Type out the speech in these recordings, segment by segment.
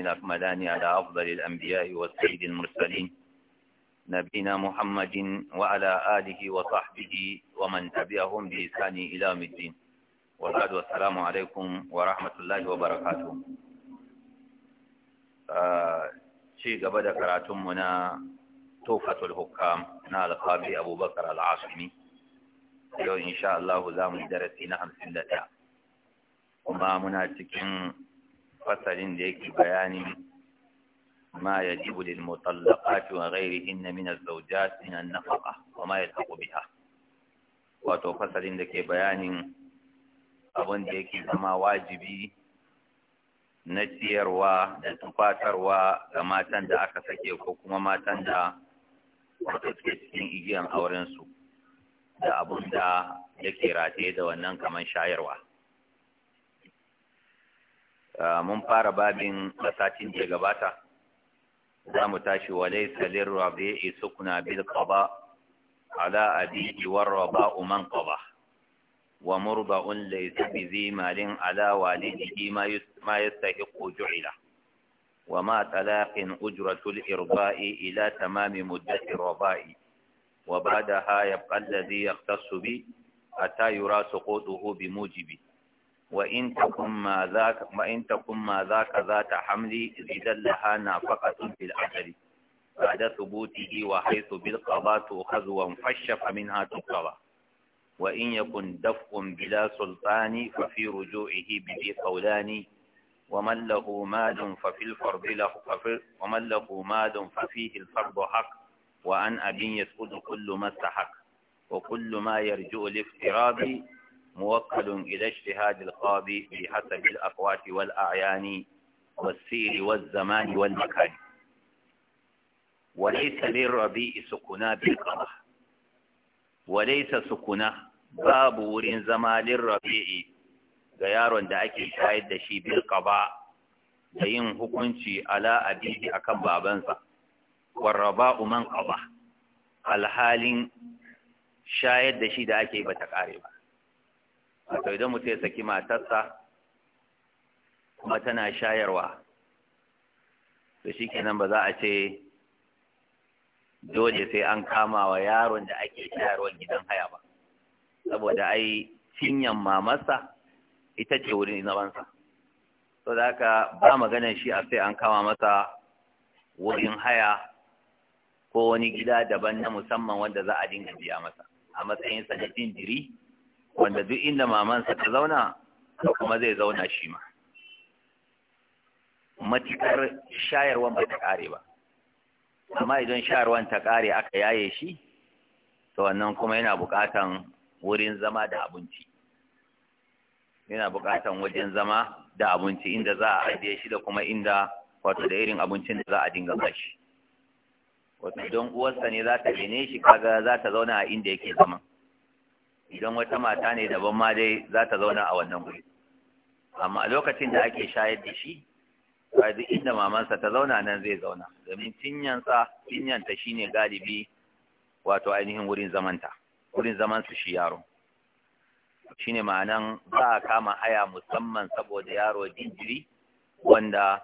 الأكملان على أفضل الأنبياء والسيد المرسلين نبينا محمد وعلى آله وصحبه ومن تبعهم بإحسان إلى يوم الدين والصلاة والسلام عليكم ورحمة الله وبركاته شيء قبل كراتمنا توفة الحكام نال قابي أبو بكر العاصمي yau insha Allah za mu darasi na hamsin da ɗaya kuma muna cikin fasalin da yake bayani ما يجب للمطلقات وغيرهن من الزوجات wa ma وما يلحق biya wato fasalin da ke bayanin abin da yake zama wajibi na ciyarwa da tufatarwa ga matan da aka sake ko kuma matan da wato suke cikin igiyan aurensu da abin da yake rataye da wannan kamar shayarwa Ah, mun fara babin satin da gabata za mu tashi wa laysa lirrabi'i sukna bil qada ala abihi warraba'u uman qada wa murda'un laysa bi zi malin ala walidihi ma ma yastahiqu ju'ila wa ma talaqin ujratul irba'i ila tamami muddati raba'i وبعدها يبقى الذي يختص ko حتى يرى سقوطه بموجبه وإن تكن ما ذاك وإن تكن ما ذاك ذات حمل إذا لها نافقة في الأجل بعد ثبوته وحيث بالقضاء تؤخذ وانفشف منها تقضى وإن يكن دفء بلا سلطان ففي رجوعه بذي قولان ومن له مال ففي الفرض له ومن له مال ففيه الفرض حق وعن أب يسقط كل ما استحق وكل ما يرجو الافتراض موكل إلى اجتهاد القاضي بحسب الأقوات والأعيان والسير والزمان والمكان وليس للربيع سكنا بالقمح وليس سكنا باب زما للربيع ga yaron da ake shayar da shi bil qaba da yin hukunci ala abihi akan babansa warraba'u man qaba alhalin shayar da shi da ake ta kare ba wato idan mutum ya saki matarsa kuma tana shayarwa to shi kenan ba za a ce dole sai an kama wa yaron da ake shayarwa gidan haya ba saboda ai cinyan mamarsa ita ce wurin zamansa to da haka ba maganar shi a sai an kama masa wurin haya ko wani gida daban na musamman wanda za a dinga biya masa a matsayinsa matsayin jin jiri wanda duk inda mamansa ta zauna to kuma zai zauna shi ma matukar shayarwan ba ta kare ba amma idan shayarwan ta kare aka yaye shi to wannan kuma yana buƙatan wurin zama da abinci yana buƙatan wajen zama da abinci inda za a ajiye shi da kuma inda wato da irin abincin da za a dinga shi wato don uwarsa ne za ta bene shi kaga za ta zauna a inda yake zaman. idan wata mata ne daban ma dai za ta zauna a wannan guri amma lokacin da ake shayar da shi ba inda mamansa ta zauna nan zai zauna domin cinyansa cinyanta ne galibi wato ainihin wurin zamanta wurin zaman su shi yaro Shi ne ma'anan ba a kama haya musamman saboda yaro jinjiri wanda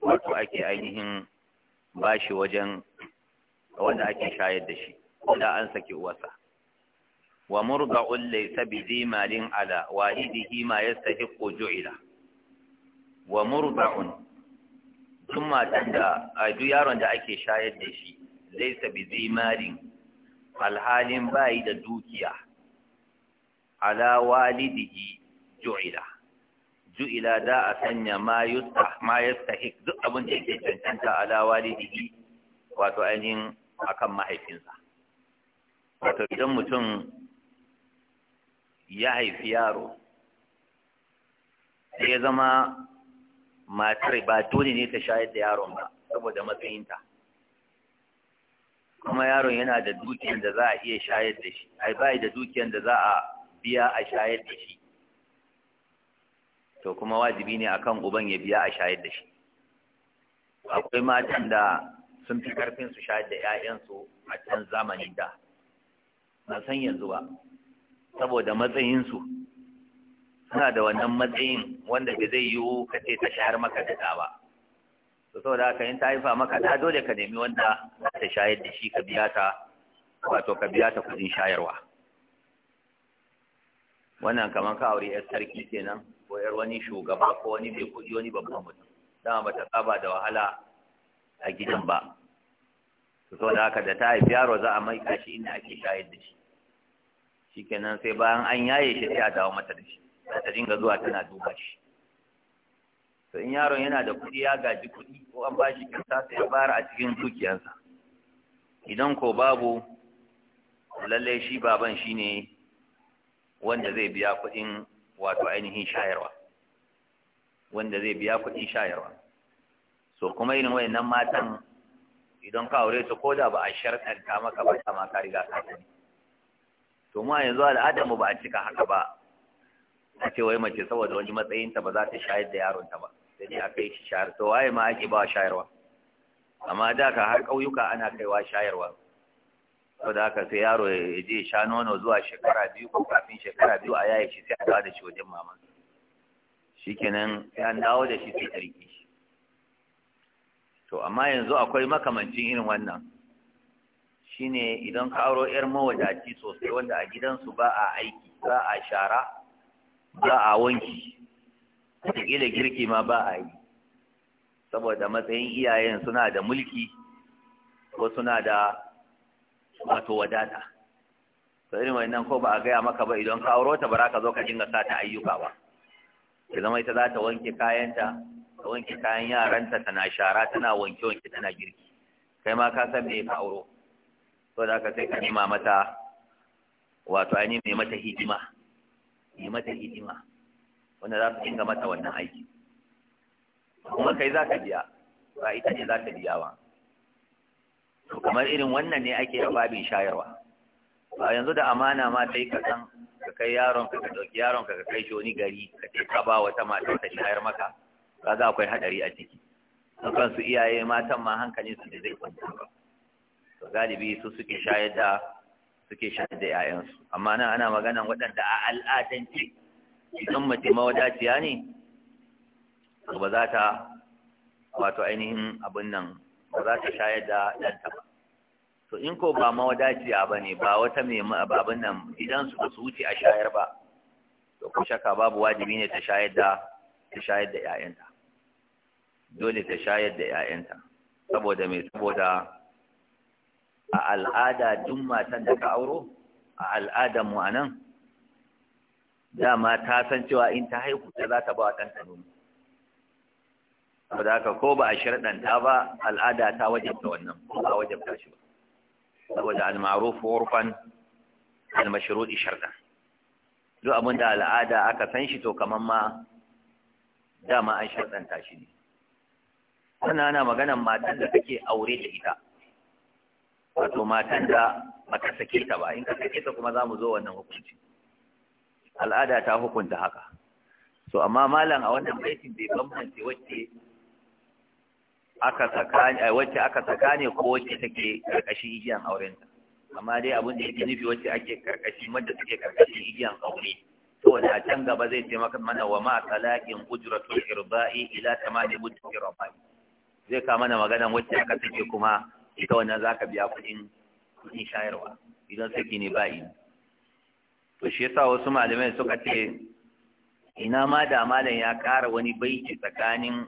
wato ake ainihin bashi wajen wanda ake shayar da shi wanda an sake uwarsa wa murda murga'un laysa bi zimalin ala wahidihi ma yastahiqqu ju'ila wa murga'un duk matan da a duk yaron da ake shayar da shi laysa bi zimalin alhalin bayi da dukiya ala walidihi ju'ila ju'ila da a sanya ma yusta ma duk abin da ke cancanta ala walidihi wato ainihin akan mahaifinsa wato idan mutum ya haifi yaro sai ya zama matar ba dole ne ta shayar da yaron ba saboda matsayinta kuma yaron yana da dukiyar da za a iya shayar da shi ai bai da dukiyar da za a biya a shayar da shi to kuma wajibi ne akan uban ya biya a shayar da shi akwai matan da sun fi karfin su shayar da 'ya'yansu a can zamanin da na san yanzu ba saboda matsayinsu suna da wannan matsayin wanda ba zai yiwu ka ce ta shayar maka da ba to saboda haka in ta haifa maka ta dole ka nemi wanda za ta shayar da shi ka biya ta wato ka biya ta kuɗin shayarwa wannan kamar ka aure yar sarki kenan ko yar wani shugaba ko wani bai kuɗi wani babban mutum dama ba ta saba da wahala a gidan ba to saboda haka da ta haifi yaro za a mai kashi inda ake shayar da shi shikenan sai bayan an yaye shi sai a dawo mata da shi ta dinga zuwa tana duba shi to in yaron yana da kuɗi ya gaji kuɗi ko an ba shi kyauta sai ya fara a cikin dukiyarsa idan ko babu lallai shi baban shi ne wanda zai biya kuɗin wato ainihin shayarwa wanda zai biya kuɗin shayarwa so kuma irin wayannan matan idan ka aure su ko da ba a ta maka ba ta maka riga ka sani to ma yanzu al'adamu ba a cika haka ba a ce wai mace saboda wani matsayinta ba za ta shayar da yaronta ba sai dai a kai shi shayar to waye ma ake ba shayarwa amma da ka har ƙauyuka ana kaiwa shayarwa da ka sai yaro ya je sha nono zuwa shekara biyu ko kafin shekara biyu a yaye shi sai a dawo da shi wajen mama? shikenan sai an dawo da shi sai a rike shi to amma yanzu akwai makamancin irin wannan shine idan ka aro yar mawadaci sosai wanda a gidansu ba a aiki ba a shara ba a wanki da girki ma ba a yi saboda matsayin iyayen suna da mulki ko suna da wato wadata to irin nan ko ba a gaya maka ba idan ka auro ta bara ka zo ka dinga sa ta ayyuka ba ya zama ita za ta wanke kayanta ta wanke kayan yaranta tana shara tana wanke wanke tana girki kai ma ka san me ka auro so da aka sai ka nima mata wato ainihin mai mata hidima mai mata hidima wanda za su dinga mata wannan aiki kuma kai za ka biya ba ita ne za ka biya ba to kamar irin wannan ne ake yawa babin shayarwa ba yanzu da amana ma ta yi kasan ka kai yaron ka ɗauki yaron ka kai shi wani gari ka ce ka ba wata mata ta shayar maka kaga akwai haɗari a ciki kansu iyaye matan ma hankalin su da zai kwanta ba galibi su suke shayar da suke shayar da ƴaƴansu amma nan ana maganan waɗanda a al'adance idan mace mawadaciya ne ba za ta wato ainihin abin nan ba za ta shayar da ɗanta ba to in ko ba mawadaciya ba ne ba wata mai ababin nan idan su su wuce a shayar ba to ko shaka babu wajibi ne ta shayar da ta shayar da ƴaƴanta dole ta shayar da ƴaƴanta saboda mai saboda a al'ada duk matan da ka auro a al'adan mu anan dama ta san cewa in ta haihu ta za ta ba wa ɗanta nono saboda haka ko ba a sharɗanta ba al'ada ta wajabta wannan ko ba wajabta shi ba saboda al-ma'ruf urfan al duk abin da al'ada aka san shi to kamar ma dama an shirɗanta shi ne sannan ana maganan matan da kake aure da ita wato matan da baka sake ta ba in ka sake ta kuma za mu zo wannan hukunci al'ada ta hukunta haka so amma malam a wannan baitin bai bambance wacce aka saka eh, wacce aka saka ne ko wacce take karkashin igiyan auren ta amma dai abin da yake nufi wacce ake karkashin madda take karkashin igiyan aure to da can gaba zai ce maka mana wa ma talaqin ujratul irba'i ila tamani muddi rabai zai ka mana maganan wacce aka sake kuma ita wannan za ka biya kuɗin kuɗin shayarwa idan saki ne ba ini to shi yasa wasu malamai suka ce ina ma da malam ya kara wani baiti tsakanin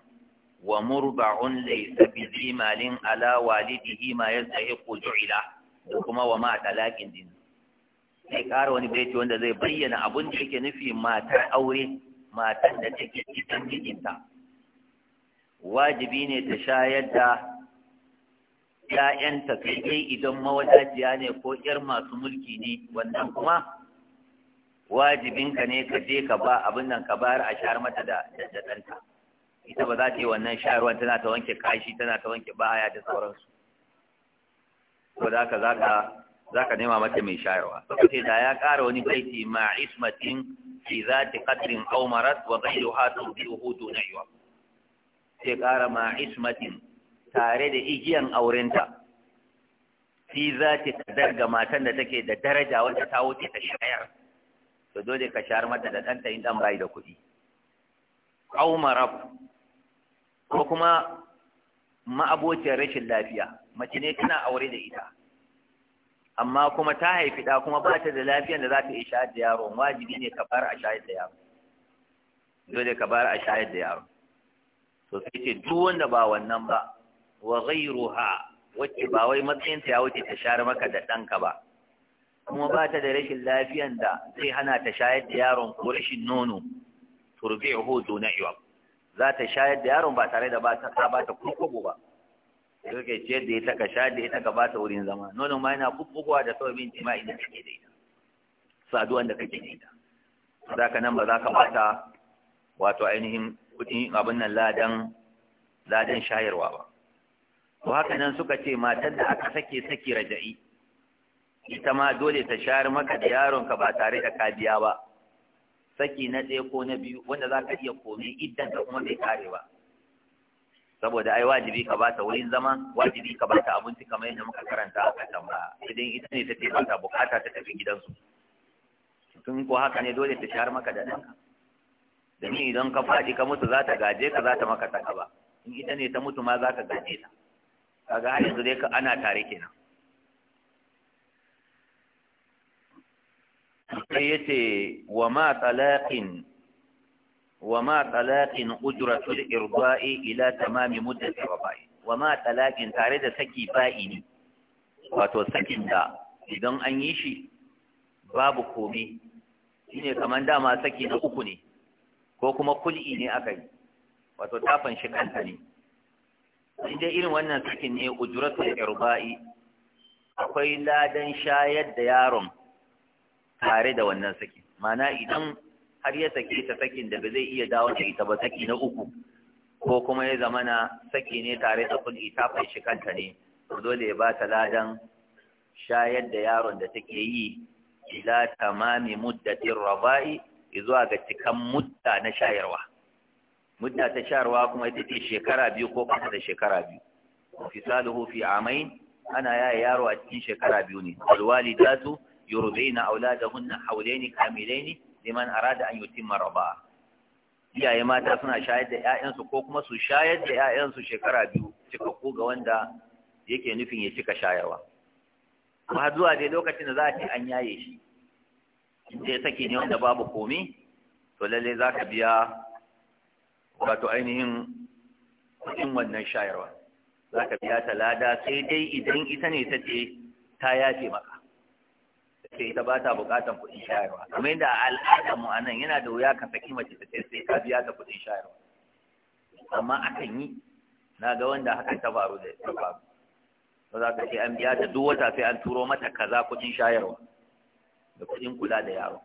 wa murba'un laysa bi jimalin ala walidihi ma yastahiqu ju'ila da kuma wa ma talaqin din sai ƙara wani baiti wanda zai bayyana abun da yake nufi matar aure matan da take cikin mijinta wajibi ne ta shayar da ‘ya'yanta sai dai idan mawadajiya ne ko ‘yar masu mulki ne wannan kuma wajibinka ne ka je ka ba abin nan ka bayar a shahar mata da ɗanta ita ba za ta yi wannan sharuwan tana ta wanke kashi tana ta wanke baya da sauransu ko da haka za ka nema mata mai shayarwa saboda sai da ya kara wani baiti ma ismatin fi zati qadrin aw marat wa ghayruha tubihu dunaywa sai ƙara ma ismatin tare da igiyan aurenta fi za ta ga matan da take da daraja wanda ta wuce ta shayar to dole ka shayar mata da ɗanta in ɗan bayi da kuɗi au marab ko kuma ma'abociyar rashin lafiya mace ne tana aure da ita amma kuma ta haifi ɗa kuma ba ta da lafiyar da za ta yi shayar da yaron wajibi ne ka bar a shayar da yaron dole ka bar a shayar da yaron to sai ce duk wanda ba wannan ba wa ghayruha wacce ba wai matsayin ta ya wuce ta shayar maka da ɗanka ba kuma ba ta da rashin lafiyan da zai hana ta shayar da yaron ko rashin nono turbi'uhu na iwab za ta shayar da yaron ba tare da ba ta ba ta kukkugu ba sai ka ce da ita ka shayar da ita ka ba ta wurin zama Nono ma yana kukkuguwa da sababin jima'i da kake da ita saduwan da kake da ita za ka nan ba za ka bata wato ainihin kudin abin nan ladan ladan shayarwa ba to haka nan suka ce matar da aka sake saki raja'i ita ma dole ta shayar maka da yaronka ba tare da kadiya ba saki na ɗaya ko na biyu wanda za ka iya komi iddan ka kuma bai kare ba saboda ai wajibi ka ba ta wurin zama wajibi ka ba ta abinci kamar yadda muka karanta a kasan ba idan ita ne ta ce ba ta bukata ta tafi gidansu tun ko haka ne dole ta shayar maka da ɗanka domin idan ka faɗi ka mutu za ta gaje ka za ta maka ta ba in ita ne ta mutu ma za ka gaje ta kaga har yanzu dai ana tare kenan sai ya ce wa ma talaqin wa ma talaqin ujratul irba'i ila tamami muddati rabai wa ma talaqin tare da saki ba'i ne wato sakin da idan an yi shi babu komai shine kaman dama saki na uku ne ko kuma kul'i ne aka yi wato tafan shi kanta ne inda irin wannan sakin ne ujratul irba'i akwai ladan shayar da yaron tare da wannan saki mana idan har ya sake ta sakin da ba zai iya dawo da ita ba saki na uku ko kuma ya zamana saki ne tare da kulli ta shi kanta ne dole ya ba ta ladan shayar da yaron da take yi ila tamami muddatir rabai zuwa ga cikan mudda na shayarwa mudda ta sharwa kuma ita ce shekara biyu ko ƙasa da shekara biyu fisaluhu fi amain ana yaya yaro a cikin shekara biyu ne su na yurdina auladahunna hawlaini kamilaini liman arada an yutimma maraba. iyaye mata suna shayar da 'ya'yansu ko kuma su shayar da 'ya'yansu shekara biyu cikakku ga wanda yake nufin ya cika shayarwa kuma zuwa dai lokacin da za a ce an yaye shi sai saki ne wanda babu komai to lallai za ka biya wato ainihin kuɗin wannan shayarwa za ka biya ta lada sai dai idan ita ne ta ce ta yafe maka ce ita ba ta buƙatan kuɗin shayarwa kamar yadda al'adar mu anan yana da wuya ka saki mace ta ce sai ka biya ta kuɗin shayarwa amma akan yi na ga wanda hakan ta faru da ta faru ba za ka ce an biya ta duk wata sai an turo mata kaza kuɗin shayarwa da kuɗin kula da yaro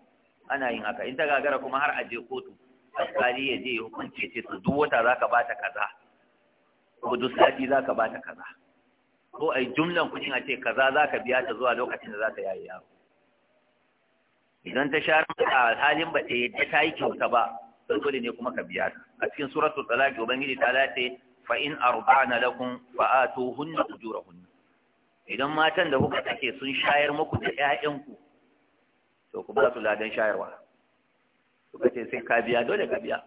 ana yin haka in ta gagara kuma har a je kotu alƙali ya je ya hukunce ce su duk wata za ka ba ta kaza ko duk sati za ka ba ta kaza ko a yi jumlan kuɗin a ce kaza za ka biya ta zuwa lokacin da za ta yayi yaro idan ta share a halin ba ta yadda ta yi kyauta ba don dole ne kuma ka biya ta a cikin suratul talaq ubangiji ta lace fa in arba'na lakum fa atuhunna ujurahunna idan matan da kuka take sun shayar muku da 'ya'yanku, to ku ba su ladan shayarwa suka ce sai ka biya dole ka biya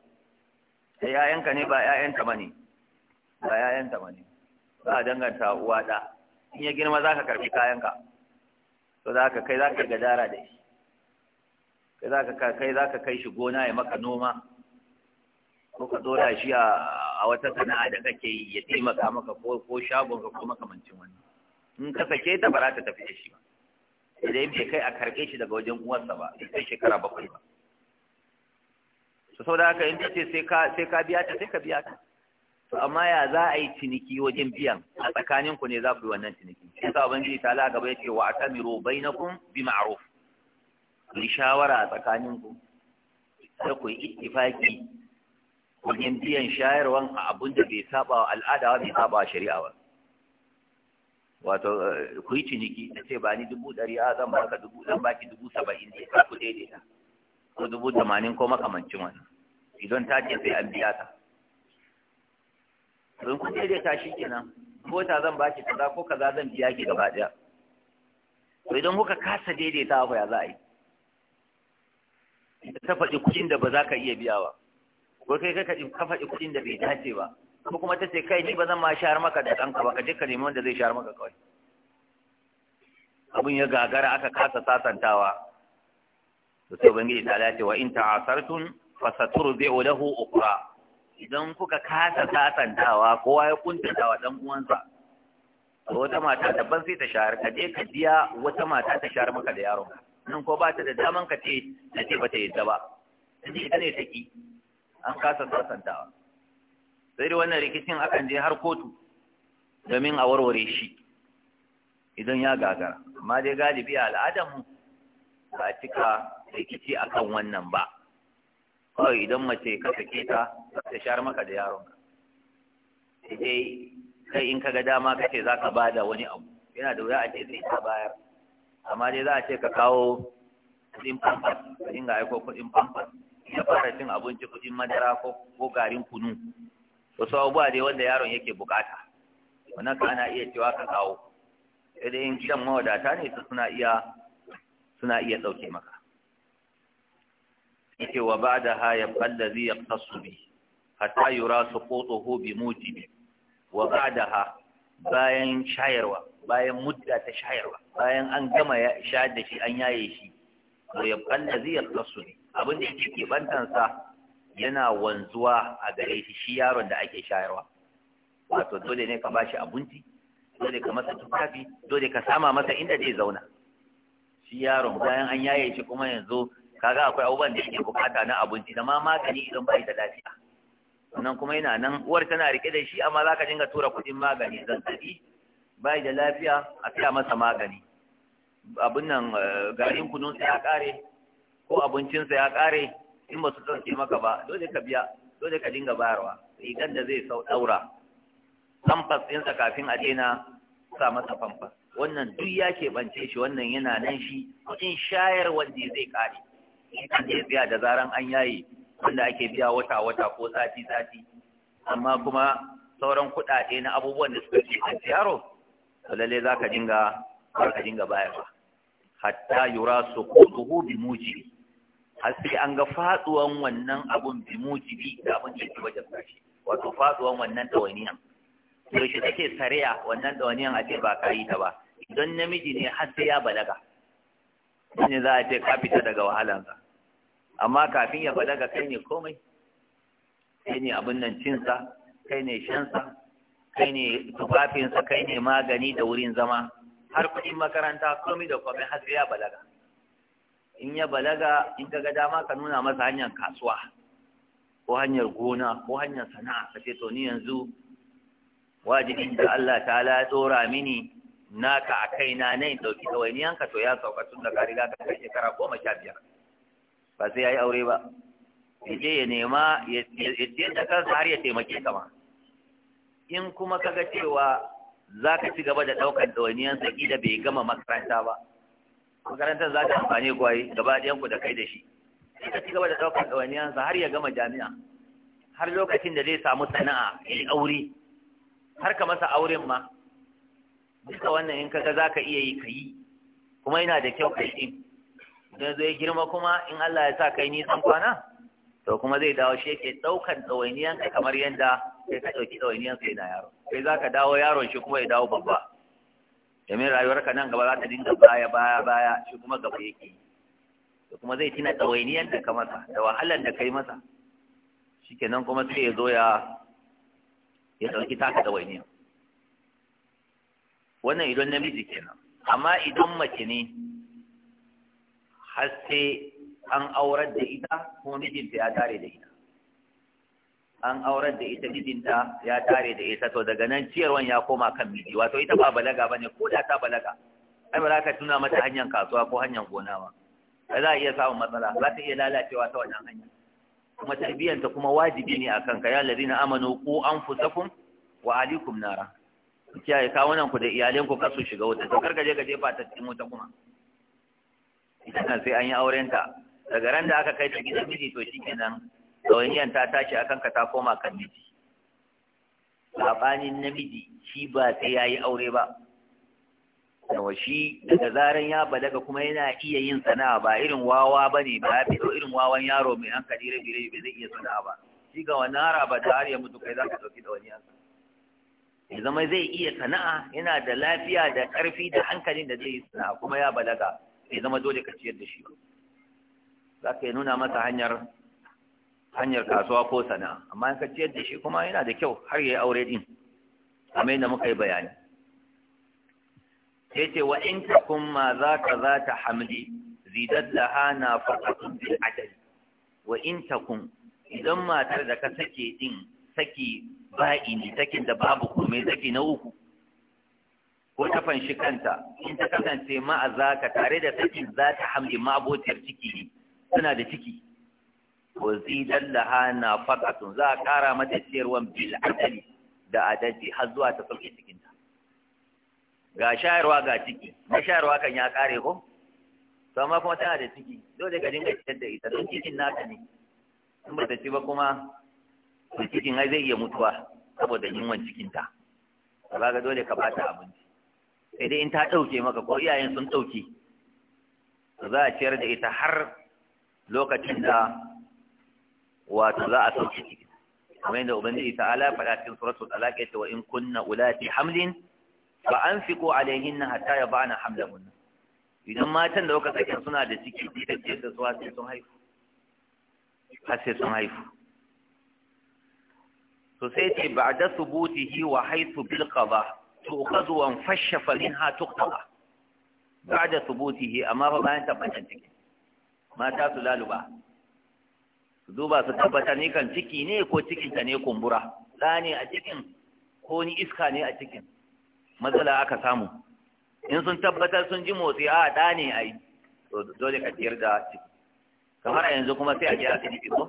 sai ƴaƴanka ne ba ƴaƴanta bane ba ƴaƴanta bane ba a danganta uwa da in ya girma za ka karɓi kayanka to za ka kai za ka gadara da shi kai za ka kai zaka kai shi gona ya maka noma ko ka dora shi a wata sana'a da kake yi ya taimaka maka ko ko ka ko makamancin wani. in ka sake ta ba za ta tafi da shi ba idan bai kai a karɓe shi daga wajen uwarsa ba sai shekara bakwai ba to da haka in ce sai ka biya ta sai ka biya ta to amma ya za a yi ciniki wajen biyan a tsakanin ku ne za ku yi wannan ciniki shi yasa ubangiji ta la gaba yace wa atamiru bainakum bi ma'ruf ku shawara a tsakanin ku sai ku yi ittifaki wajen biyan shayarwan a abun da bai saba wa al'ada wa bai saba wa shari'a ba wato eh, ku yi ciniki ta ce ba ni dubu ɗari a zan baka dubu zan baki dubu saba'in ne ku daidaita ko dubu tamanin ko makamancin wannan idan ta ce sai an biya ta don kun daidaita shi kenan ta zan ba ki kaza ko kaza zan biya ki gaba ɗaya to idan kuka kasa daidaita ba ya za a yi ta faɗi kuɗin da ba za ka iya biya ba ko kai ka ka faɗi kuɗin da bai dace ba ko kuma ta ce kai ni ba zan ma shahar maka da ɗanka ba ka je ka nemi wanda zai shahar maka kawai abin ya gagara aka kasa sasantawa to sai ubangiji ta dace wa in ta'asartun zai lahu ukra idan kuka kasa sasantawa kowa ya kuntata wa dan uwansa to wata mata da ban sai ta shahar ka je ka biya wata mata ta shahar maka da yaron nan ko ba ta da daman ka ce ta ce bata yadda ba ta ne ta ki an kasa sasantawa sai da wannan rikicin akan je har kotu domin a warware shi idan ya gagara amma dai galibi a al'adarmu ba a cika rikici akan wannan ba kawai idan mace ka sake ta ta shar maka da yaron ka sai kai in kaga dama kace za ka ba da wani abu yana da wuya a ce sai ka bayar amma dai za a ce ka kawo kuɗin pampas ka dinga aiko kuɗin pampas ya fara cin abinci kuɗin madara ko ko garin kunu wasu abubuwa dai wanda yaron yake bukata wannan ka ana iya cewa ka kawo sai dai in gidan mawadata ne su suna iya suna iya ɗauke maka yake wa da ha yabqa allazi yaqtasu bi hatta yura suqutuhu bi bi, wa da ha bayan shayarwa bayan mudda ta shayarwa bayan an gama ya sha da shi an yaye shi to yabqa allazi yaqtasu bi abin da yake bantansa yana wanzuwa a gare shi shi yaron da ake shayarwa wato dole ne ka bashi abinci dole ka masa tufafi dole ka sama masa inda zai zauna shi yaron bayan an yaye shi kuma yanzu kaga akwai abubuwan da yake bukata na abinci da ma magani idan bai da lafiya sannan kuma yana nan uwar tana rike da shi amma ka dinga tura kudin magani zazzabi bai da lafiya a fiya masa magani abin nan eh, garin kununsa ya kare ko abincinsa ya kare in ba su sauke maka ba dole ka biya dole ka dinga bayarwa rigan da zai sau daura famfas ɗinsa kafin a daina sa masa famfas wannan duk ya keɓance shi wannan yana nan shi kuɗin shayar wanda zai kare kan je biya da zaran an yayi wanda ake biya wata wata ko sati sati amma kuma sauran kuɗaɗe na abubuwan da suka ce a yaro to lalle za ka dinga za ka dinga bayarwa hatta yura suqutuhu bi muji har sai an ga faɗuwan wannan abun bi bi da abun da ke wajen sashi wato faɗuwan wannan tawaniyan yaushe take sariya wannan tawaniyan a ce ba ka yi ta ba idan namiji ne har sai ya balaga ne za a ce ka fita daga wahalanka amma kafin ya balaga kai ne komai kai ne abin nan cinsa kai ne shansa kai ne tufafinsa kai ne magani da wurin zama har kudin makaranta komai da komai har sai ya balaga in ya balaga in ka ga dama ka nuna masa hanyar kasuwa ko hanyar gona ko hanyar sana'a ka ce to ni yanzu wajibin da Allah ta'ala ya tsora mini naka a kaina na in ɗauki ɗawainiyanka to ya sauka tun da ka riga ka kai shekara goma sha biyar ba sai ya yi aure ba ya je ya nema ya je da kansa har ya taimake ka in kuma ka ga cewa za ka ci gaba da ɗaukar ɗawainiyansa ƙila bai gama makaranta ba makarantar za ta amfani kwaye gaba ku da kai da shi sai ka ci gaba da ɗaukar ɗawainiyansa har ya gama jami'a har lokacin da zai samu sana'a ya yi aure har ka masa auren ma duka wannan in kaga za ka iya yi ka yi kuma yana da kyau ka yi don zai girma kuma in Allah ya sa kai nisan kwana to kuma zai dawo shi yake ɗaukan ɗawainiyanka kamar yadda sai ka ɗauki ɗawainiyansa yana yaro sai za ka dawo yaron shi kuma ya dawo babba domin rayuwarka nan gaba za ta dinga baya baya baya shi kuma gaba yake yi To kuma zai tina ɗawainiyar da ka masa da wahalar da ka yi masa shikenan kuma sai ya zo ya ya ɗauki taka ɗawainiyar wannan idan namiji kenan amma idan mace ne har sai an aurar da ita kuma mijinta ya tare da ita an aurar da ita mijinta ya tare da ita to daga nan ciyarwan ya koma kan miji wato ita ba balaga bane ko da ta balaga ai ba ka tuna mata hanyar kasuwa ko hanyar gona ba za a iya samun matsala za ta iya lalacewa ta wannan hanya kuma tarbiyyanta kuma wajibi ne akan ka ya ladina amanu ku anfusakum wa alaikum nara ku kiyaye kawunan ku da iyalen ku kasu shiga wuta to kar ka je ka jefa ta cikin wuta kuma ita kan sai an yi auren ta daga ran da aka kai ta gidan miji to shikenan ɗawainiyan ta tashi akan ka ta koma kan miji saɓanin namiji shi ba sai ya yi aure ba yawa shi daga zaran ya balaga kuma yana iya yin sana'a ba irin wawa ba ne ba ya fito irin wawan yaro mai hankali rabi rabi zai iya sana'a ba shi ga wannan haraba da har ya mutu kai za ka ɗauki ɗawainiyarsa ya zama zai iya sana'a yana da lafiya da ƙarfi da hankalin da zai yi sana'a kuma ya balaga ya zama dole ka ciyar da shi za ka yi nuna masa hanyar hanyar kasuwa ko sana'a amma ka ciyar da shi kuma yana da kyau har ya yi aure din kamar yadda muka yi bayani sai ce wa in ta kuma za ka za ta hamli zidat da hana faɗaɗin bil adali wa in ta kun idan matar da ka sake din saki ba ne sakin da babu komai saki na uku ko ta fanshi kanta in ta kasance ma'aza ka tare da sakin za ta hamdi ma'abociyar ciki ne suna da ciki ko zidan laha na fakatun za a kara mata ciyarwan bil adali da adalci har zuwa ta sauke cikinta ga shayarwa ga ciki na shayarwa kan ya kare ko to amma kuma tana da ciki dole ka dinga ciyar da ita don cikin naka ne in ba ta ci ba kuma to cikin ai zai iya mutuwa saboda yunwan cikinta ba ga dole ka ta abinci sai dai in ta ɗauke maka ko iyayen sun ɗauke to za a ciyar da ita har lokacin da wato za a sauke ciki kamar yadda ubangiji ala faɗa cikin suratul talaq yace wa in kunna ulati hamlin fa anfiqu alaihinna hatta yabana hamlahun idan matan da kuka saka suna da ciki sai ta ce da suwa sun haifu sai sun haifu to sai ce ba da subutihi wa haitu bil qada to ukhadhu wa fashafa minha tuqtada ba da subutihi amma fa bayan tabbatar ciki mata su laluba su duba su tabbata ni kan ciki ne ko cikin ta ne kumbura da ne a cikin ko ni iska ne a cikin matsala aka samu in sun tabbatar sun ji motsi a da ne ai to dole ka tiyar da ciki kamar yanzu kuma sai a je a ciki ko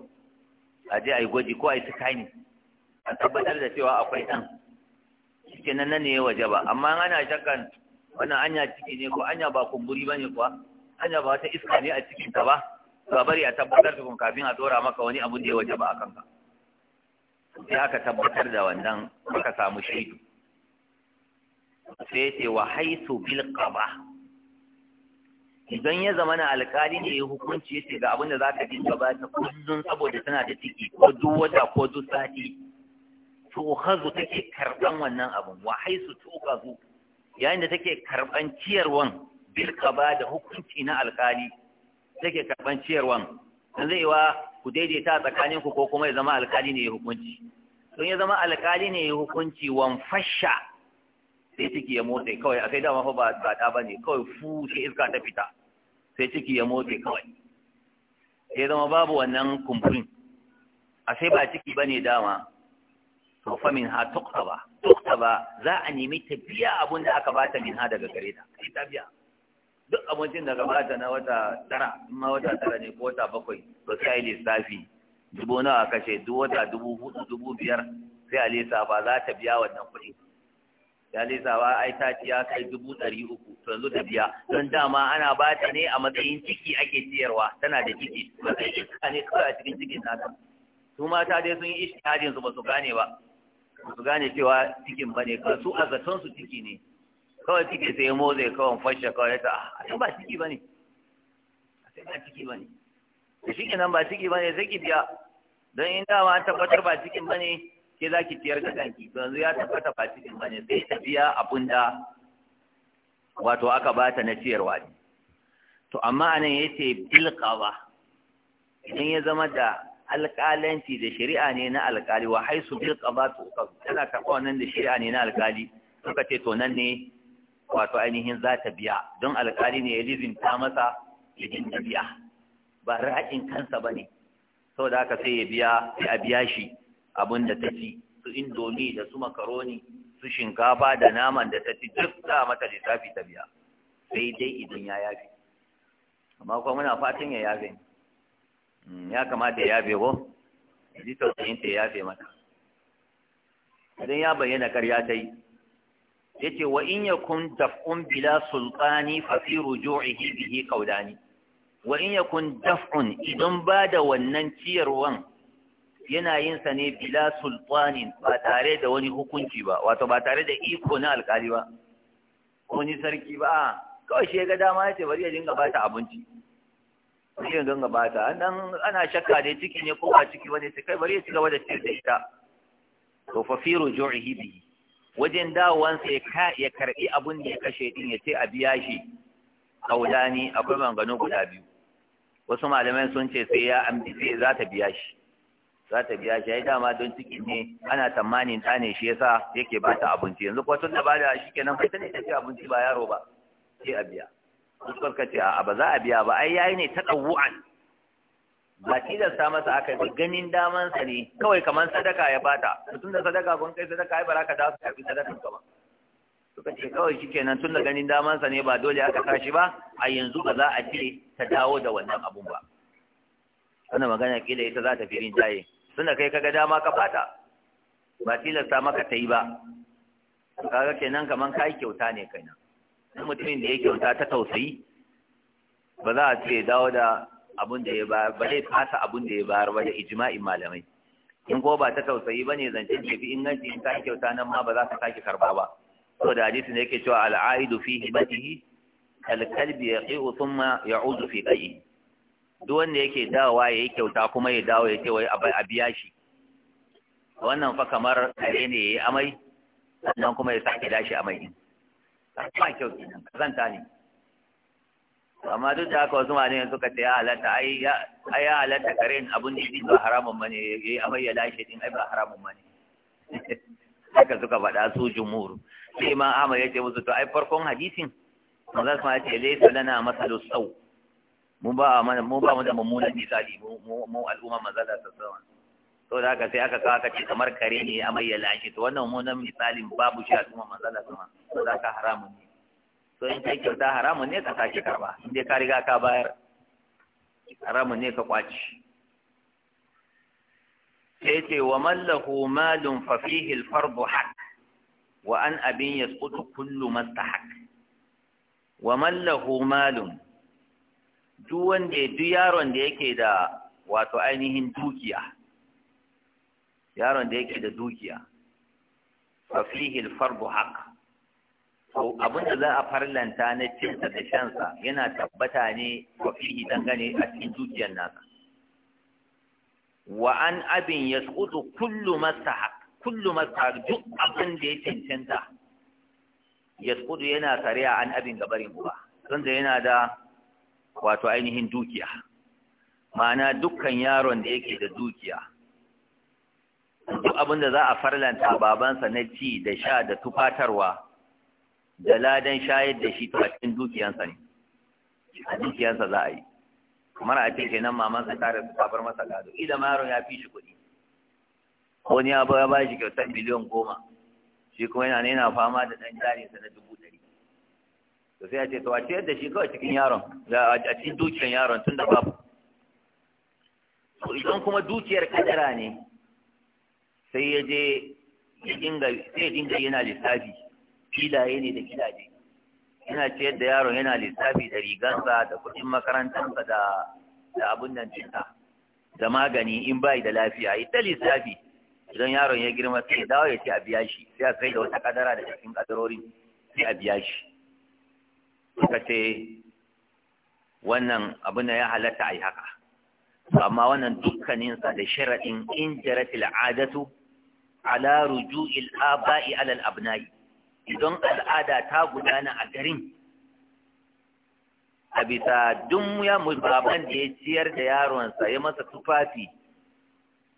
a je a yi gwaji ko a yi scanning a tabbatar da cewa akwai ɗan cikin nan ne waje ba amma ana shakkan wannan anya ciki ne ko anya ba kumburi ba ne kuwa anya ba wata iska ne a cikinta ba to a bari a tabbatar da kafin a dora maka wani abun da ya waje ba a kanka sai aka tabbatar da wannan aka samu shaidu sai ce wa haisu bil qaba idan ya zama na alkali ne ya hukunci ya ce ga abin da za ka dinga ba ta kullum saboda tana da ciki ko duk wata ko duk sati tu'khadhu take karban wannan abun wa haisu tu'khadhu yayin da take karban ciyarwan bil qaba da hukunci na alkali take karban ciyarwan dan zai wa ku daidaita tsakanin ku ko kuma ya zama alkali ne ya hukunci don ya zama alkali ne ya hukunci wan fasha sai ciki ya motsa kawai a sai dama fa ba ba ta bane kawai fu sai iska ta fita sai ciki ya motsa kawai sai zama babu wannan kumfurin a sai ba ciki bane dama to fa min ha tuqtaba tuqtaba za a nemi ta biya abun da aka bata min ha daga gare ta kai ta biya duk abincin da ta na wata tara ma wata tara ne ko wata bakwai to sai lissafi dubu nawa kashe duk wata dubu hudu dubu biyar sai a lissafa za ta biya wannan kuɗi ya lissafa ai ta ciya kai dubu ɗari uku to yanzu ta biya don dama ana ba ta ne a matsayin ciki ake ciyarwa tana da ciki sai iska ne kawai a cikin cikin nata su mata dai sun yi ishtihadin su ba su gane ba su gane cewa cikin ba ne kawai su a zaton su ciki ne kawai ciki sai ya motsa kawai fashe kawai ya ta ah, a ba ciki ba ne a ba ciki ba ne da shi nan ba ciki ba ne sai ki biya don in dama an tabbatar ba cikin ba ne ke za ki ciyar da kanki yanzu ya tabbata ba cikin ba ne sai ta biya abin da wato aka bata na ciyarwa ne to amma anan yace bilqawa idan ya zama da alƙalanci da shari'a ne na alƙali wa haisu bil qabatu tana karɓa wannan da shari'a ne na alƙali suka ce to nan ne wato ainihin za ta biya don alƙali ne ya lizinta masa ya dinga biya ba ra'in kansa ba ne saboda haka sai ya biya ya a biya shi abin da ta ci su indomi da su makaroni su shinkafa da naman da ta ci duk za mata lissafi ta biya sai dai idan ya yafe amma kuma muna fatan ya yafe Mm, ya kamata ya yafe ko ji ta ya yafe mata idan ya bayyana karya ta yi Ya ce, wa in ya kun daf'un bila sultani Fasiru fi ruju'ihi bihi qawlani wa in ya kun daf'un idan ba da wannan ciyarwan yana yin sa ne bila sulkani ba tare da wani hukunci ba wato ba tare da iko na alkali ba ko ni sarki ba kawai shi ga dama ce bari ya dinga bata abinci cikin ganga bata nan ana shakka da ciki ne ko ba ciki wani. sai kai bari ya ci gaba da shirin da ita to fa fi ruju'ihi wajen dawowan sai ka ya karbi abun da ya kashe din ya ce a biya shi kaudani akwai mangano guda biyu wasu malamai sun ce sai ya ambi sai za ta biya shi za ta biya shi ai dama don ciki ne ana tamanin ta ne shi yasa yake bata abinci yanzu ko tun da ba shi shikenan bai ta ne ta ci abinci ba yaro ba sai a biya wasu ka ce a ba za a biya ba ai yayi ne ta dawu'an ba tilasta masa aka yi ganin damansa ne kawai kamar sadaka ya bata mutum da sadaka kun kai sadaka ai baraka da su karbi sadakan ka ba suka ce kawai shikenan tun da ganin damansa ne ba dole aka tashi ba a yanzu ba za a ce ta dawo da wannan abun ba wannan magana kila ita za ta fi rin jaye tunda kai kaga dama ka bata ba tilasta maka ta yi ba kaga kenan kaman kai kyauta ne kaina na mutumin da ya kyauta ta tausayi ba za a ce dawo da abin da ya bayar ba zai fasa abin da ya bayar ba da ijma'in malamai in ko ba ta tausayi ba ne ce fi inganci in ta kyauta nan ma ba za ka sake karba ba to da hadisi ne yake cewa al'aidu fi himatihi kalkalbi ya ƙi thumma ya'udu fi qayyi duk wanda yake dawowa yayi kyauta kuma ya dawo ya ce wai a biya shi wannan fa kamar kare ne yayi amai sannan kuma ya sake dashi amai ba kyau kenan ta ne amma duk da haka wasu malamai suka ce ya halatta ai ya halatta karen abun da ba haramun bane yayi amai ya lashe din ai ba haramun bane haka suka faɗa su jumuru. sai ma Ahmad ya ce musu to ai farkon hadisin manzo ma ya ce laysa lana masalu saw mu ba mu ba mu da mummunan misali mu mu al'umma manzo sallallahu alaihi wasallam to da haka sai aka kawo kace kamar kare ne mai ya ake to wannan munan misalin babu shi a kuma manzala kuma to da ka haramun ne to in kai kyauta haramun ne ka sake karba in dai ka riga ka bayar haramun ne ka kwaci sai ce wa mallahu malun fa fihi al-fardu haqq wa an abin yasqutu kullu mastahaq wa mallahu malun duk wanda duk yaron da yake da wato ainihin dukiya yaron da yake da dukiya fa fihi al to abin da za a farlanta na cinsa da yana tabbata ne wa fihi dangane a cikin dukiyar naka wa an abin ya kullu mastahaq kullu mastahaq duk abin da ya cancanta ya yana kariya an abin gabarin uba tunda yana da wato ainihin dukiya ma'ana dukkan yaron da yake da dukiya duk abin da za a farlanta babansa na ci da sha da tufatarwa da ladan shayar da shi ta cikin dukiyansa ne a dukiyansa za a yi kamar a ce kenan mamansa ta rasu ta babar masa gado idan yaron ya fi shi kuɗi wani ya abu ya bashi kyautar miliyan goma shi kuma yana nena fama da ɗan jarinsa na dubu ɗari to sai a ce to a ciyar da shi kawai cikin yaron a cikin dukiyar yaron tun da babu to idan kuma dukiyar kadara ne sai ya je ya dinga yana lissafi filaye ne da gidaje yana ciyar da yaron yana lissafi da rigansa da kuɗin makarantarsa da da abun nan cinta da magani in bai da lafiya ita lissafi idan yaron ya girma sai ya dawo ya ce a biya shi sai a kai da wata kadara da cikin kadarori sai a biya shi suka ce wannan abin da ya halatta a yi haka amma wannan dukkaninsa da sharaɗin in jaratil adatu ala ruju'il aba'i alal abnai idan al'ada ta gudana a garin a bisa duk baban da ya ciyar da yaronsa ya masa tufafi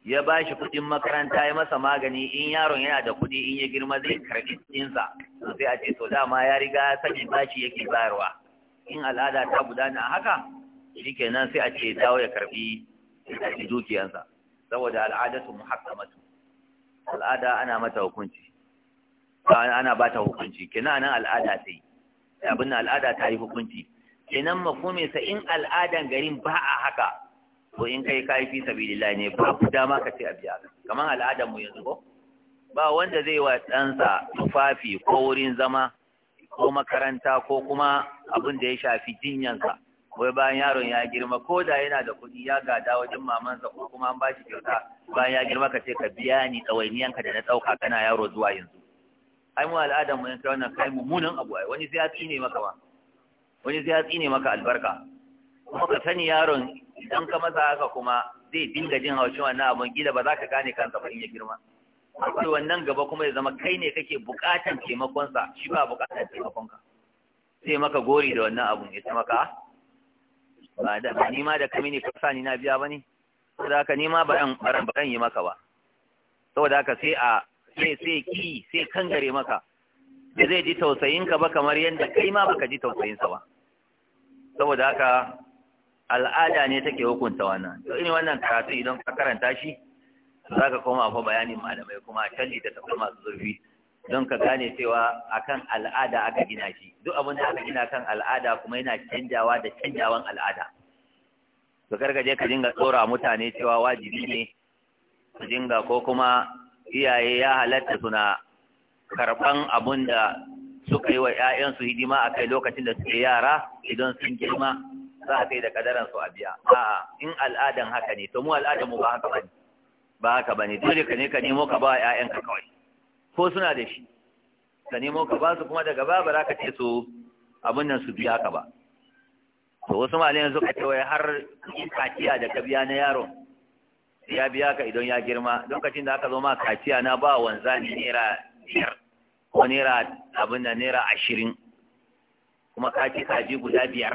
ya ba shi kuɗin makaranta ya masa magani in yaron yana da kuɗi in ya girma zai karɓi cikinsa to sai a ce to dama ya riga sanin bashi yake bayarwa in al'ada ta gudana haka shikenan sai a ce dawo ya karɓi a dukiyansa saboda al'adatu muhakkamatu al'ada ana mata hukunci ana ba ta hukunci kenan nan al'ada ta yi abin nan al'ada ta yi hukunci kenan mafhumin sa in al'adan garin ba a haka to in kai kai fi sabilillah ne ba ku dama ka ce a kaman al'adan mu yanzu ko ba wanda zai wa ɗansa tufafi ko wurin zama ko makaranta ko kuma abin da ya shafi jinyansa wai bayan yaron ya girma ko da yana da kuɗi ya gada wajen mamansa ko kuma an bashi kyauta bayan ya girma ka ce ka biya ni ɗawainiyanka da na ɗauka kana yaro zuwa yanzu ai mu al'adar mu yanka wannan kai mummunan abu ai wani sai ya tsine maka ba wani sai ya tsine maka albarka kuma ka sani yaron idan ka masa haka kuma zai dinga jin haushin wannan abun gida ba za ka gane kansa ba in ya girma akwai wannan gaba kuma ya zama kai ne kake bukatan taimakonsa shi ba bukatan taimakonka sai maka gori da wannan abun ya ce maka ba da ba ni ma da kami ne fasa ni na biya ba ne saboda haka ni ma baran baran baran yi maka ba saboda haka sai a sai sai ki sai kan gare maka da zai ji tausayin ka ba kamar yadda kai ma baka ji tausayin sa ba saboda haka al'ada ne take hukunta wannan to in wannan karatu idan ka karanta shi za ka koma fa bayanin malamai kuma a can da ta masu zurfi don ka gane cewa akan al'ada aka gina shi duk abin da aka gina kan al'ada kuma yana canjawa da canjawan al'ada to je ka dinga tsora mutane cewa wajibi ne su dinga ko kuma iyaye ya halatta suna karɓan abin da suka yi wa 'ya'yansu hidima a kai lokacin da suke yara idan sun girma za a kai da kadaran su a biya a'a in al'adan haka ne to mu al'adan mu ba haka bane ba haka bane dole ka ne ka nemo ka ba 'ya'yanka kawai ko suna da shi ka nemo ka ba su kuma daga ba ba za ka ce su abin nan su biya ka ba to wasu yanzu suka ce wai har kaciya da ka biya na yaron ya biya ka idan ya girma lokacin da aka zo ma kaciya na ba ne naira biyar ko naira abin nan naira ashirin kuma kaci kaji guda biyar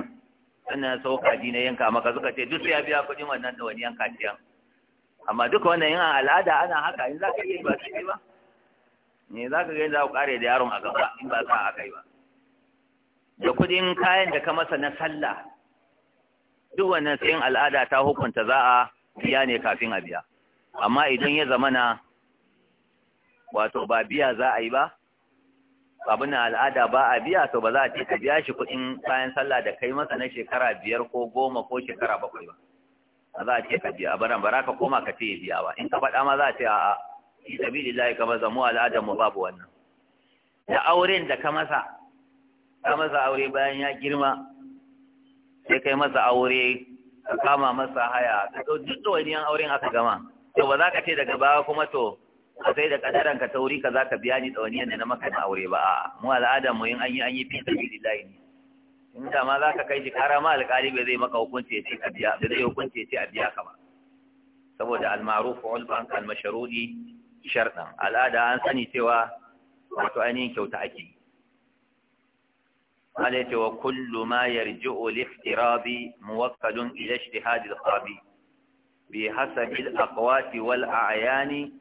sannan sau kaji na yanka maka suka ce duk ya biya kuɗin wannan da wani yanka ciyan amma duka wannan yin al'ada ana haka in za ka yi ba su ba ne za ka gani za ku kare da yaron a gaba in ba sa a kai ba da kudin kayan da ka masa na sallah duk wannan sayin al'ada ta hukunta za a biya ne kafin a biya amma idan ya zama na wato ba biya za a yi ba abin al'ada ba a biya to ba za a ce ka biya shi kuɗin kayan sallah da kai masa na shekara biyar ko goma ko shekara bakwai ba ba za a ce ka biya ba bara ka koma ka ce ya biya ba in ka faɗa ma za a ce a'a fi sabilillahi ka masa mu al'adar mu babu wannan da auren da ka masa ka masa aure bayan ya girma sai kai masa aure ka kama masa haya ka ɗau duk ɗawainiyan auren aka gama to ba za ka ce daga baya kuma to ka sai da kadaran ka ta wuri ka za ka biya ni ɗawainiyan da na maka na aure ba a'a mu al'adar mu in an yi an yi fi sabilillahi ne in da ma za ka kai shi kara ma alƙali bai zai maka hukunci ya ce a biya bai zai hukunci ya ce a biya ka ba saboda al-ma'ruf wal bank al-mashrudi sharɗan al'ada an sani cewa wato ainihin kyauta ake ala ce wa kullu ma yarji'u li ihtirabi muwakkalun ila ijtihad al-qabi bi hasab al-aqwat wal a'yan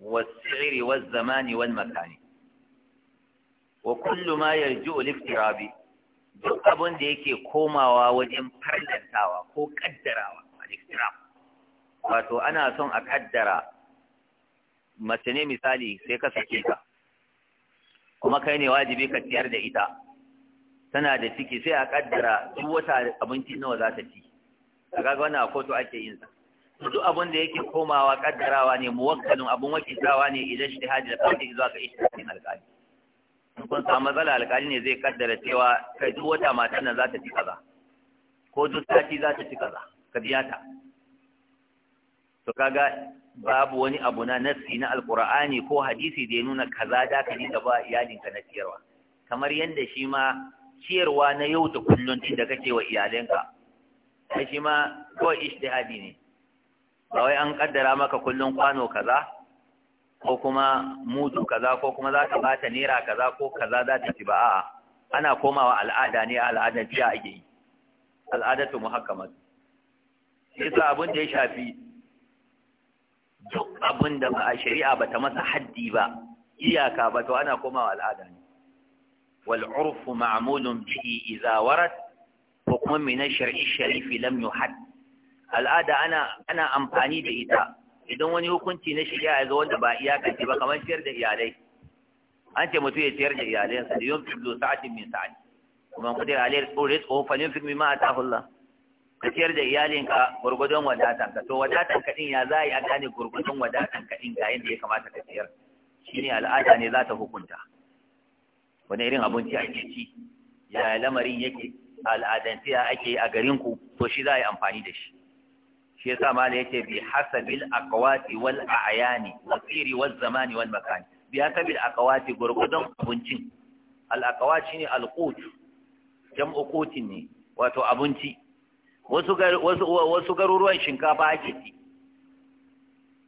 was-si'r waz-zaman wal makani. wa kullu ma yarji'u li ihtirabi duk abin da yake komawa wajen farlantawa ko kaddarawa al wato ana son a kaddara mace ne misali sai ka sake ta kuma kai ne wajibi ka ciyar da ita tana da ciki sai a kaddara duk wata abinci nawa za ta ci A gaga wannan a kotu ake yin sa duk abin da yake komawa kaddarawa ne muwakkalin abin tsawa ne idan shi da kawai zuwa ga ishtiharin alƙali in kun samu matsala alƙali ne zai kaddara cewa kai duk wata matan nan za ta ci kaza ko duk sati za ta ci kaza ka biya ta to kaga babu wani abu na nasi na alkur'ani ko hadisi da ya nuna kaza da ka dinga ba iyalinka na ciyarwa kamar yadda shi ma ciyarwa na yau da kullun din da kake wa iyalanka sai shi ma ko ishtihadi ne ba wai an kaddara maka kullun kwano kaza ko kuma mudu kaza ko kuma za ka bata naira kaza ko kaza za ta ci ba a'a ana komawa al'ada ne al'adar jiya ake yi al'adatu muhakkamat sai abin da ya shafi duk abin da ba a shari'a ba ta masa haddi ba iyaka ba to ana komawa al'ada ne wal urfu ma'mulun bihi idza warat ko kuma min shar'i sharifi lam yuhad al'ada ana ana amfani da ita idan wani hukunci na shari'a ya zo wanda ba iyaka ce ba kamar ciyar da iyalai an ce mutum ya ciyar da iyalansa da yunfiq du sa'atin min sa'ati kuma kudai alayhi rizqu rizqu fa yunfiq mimma ataahu Allah ka ciyar da iyalinka gurgudun wadatan ka to wadatan ka din ya za a gane gurgudun wadatan ka din ga yadda ya kamata ka ciyar shine al'ada ne za ta hukunta wani irin abinci ake ci ya lamarin yake al'adance ya ake a garin ku to shi za a yi amfani da shi shi yasa mala yace bi hasabil akwati wal a'yani tsiri wal zamani wal makani bi hasabil akwati gurgudun abincin al akwati ne al qut jam'u qutin ne wato abinci wasu garuruwan shinkafa ake ci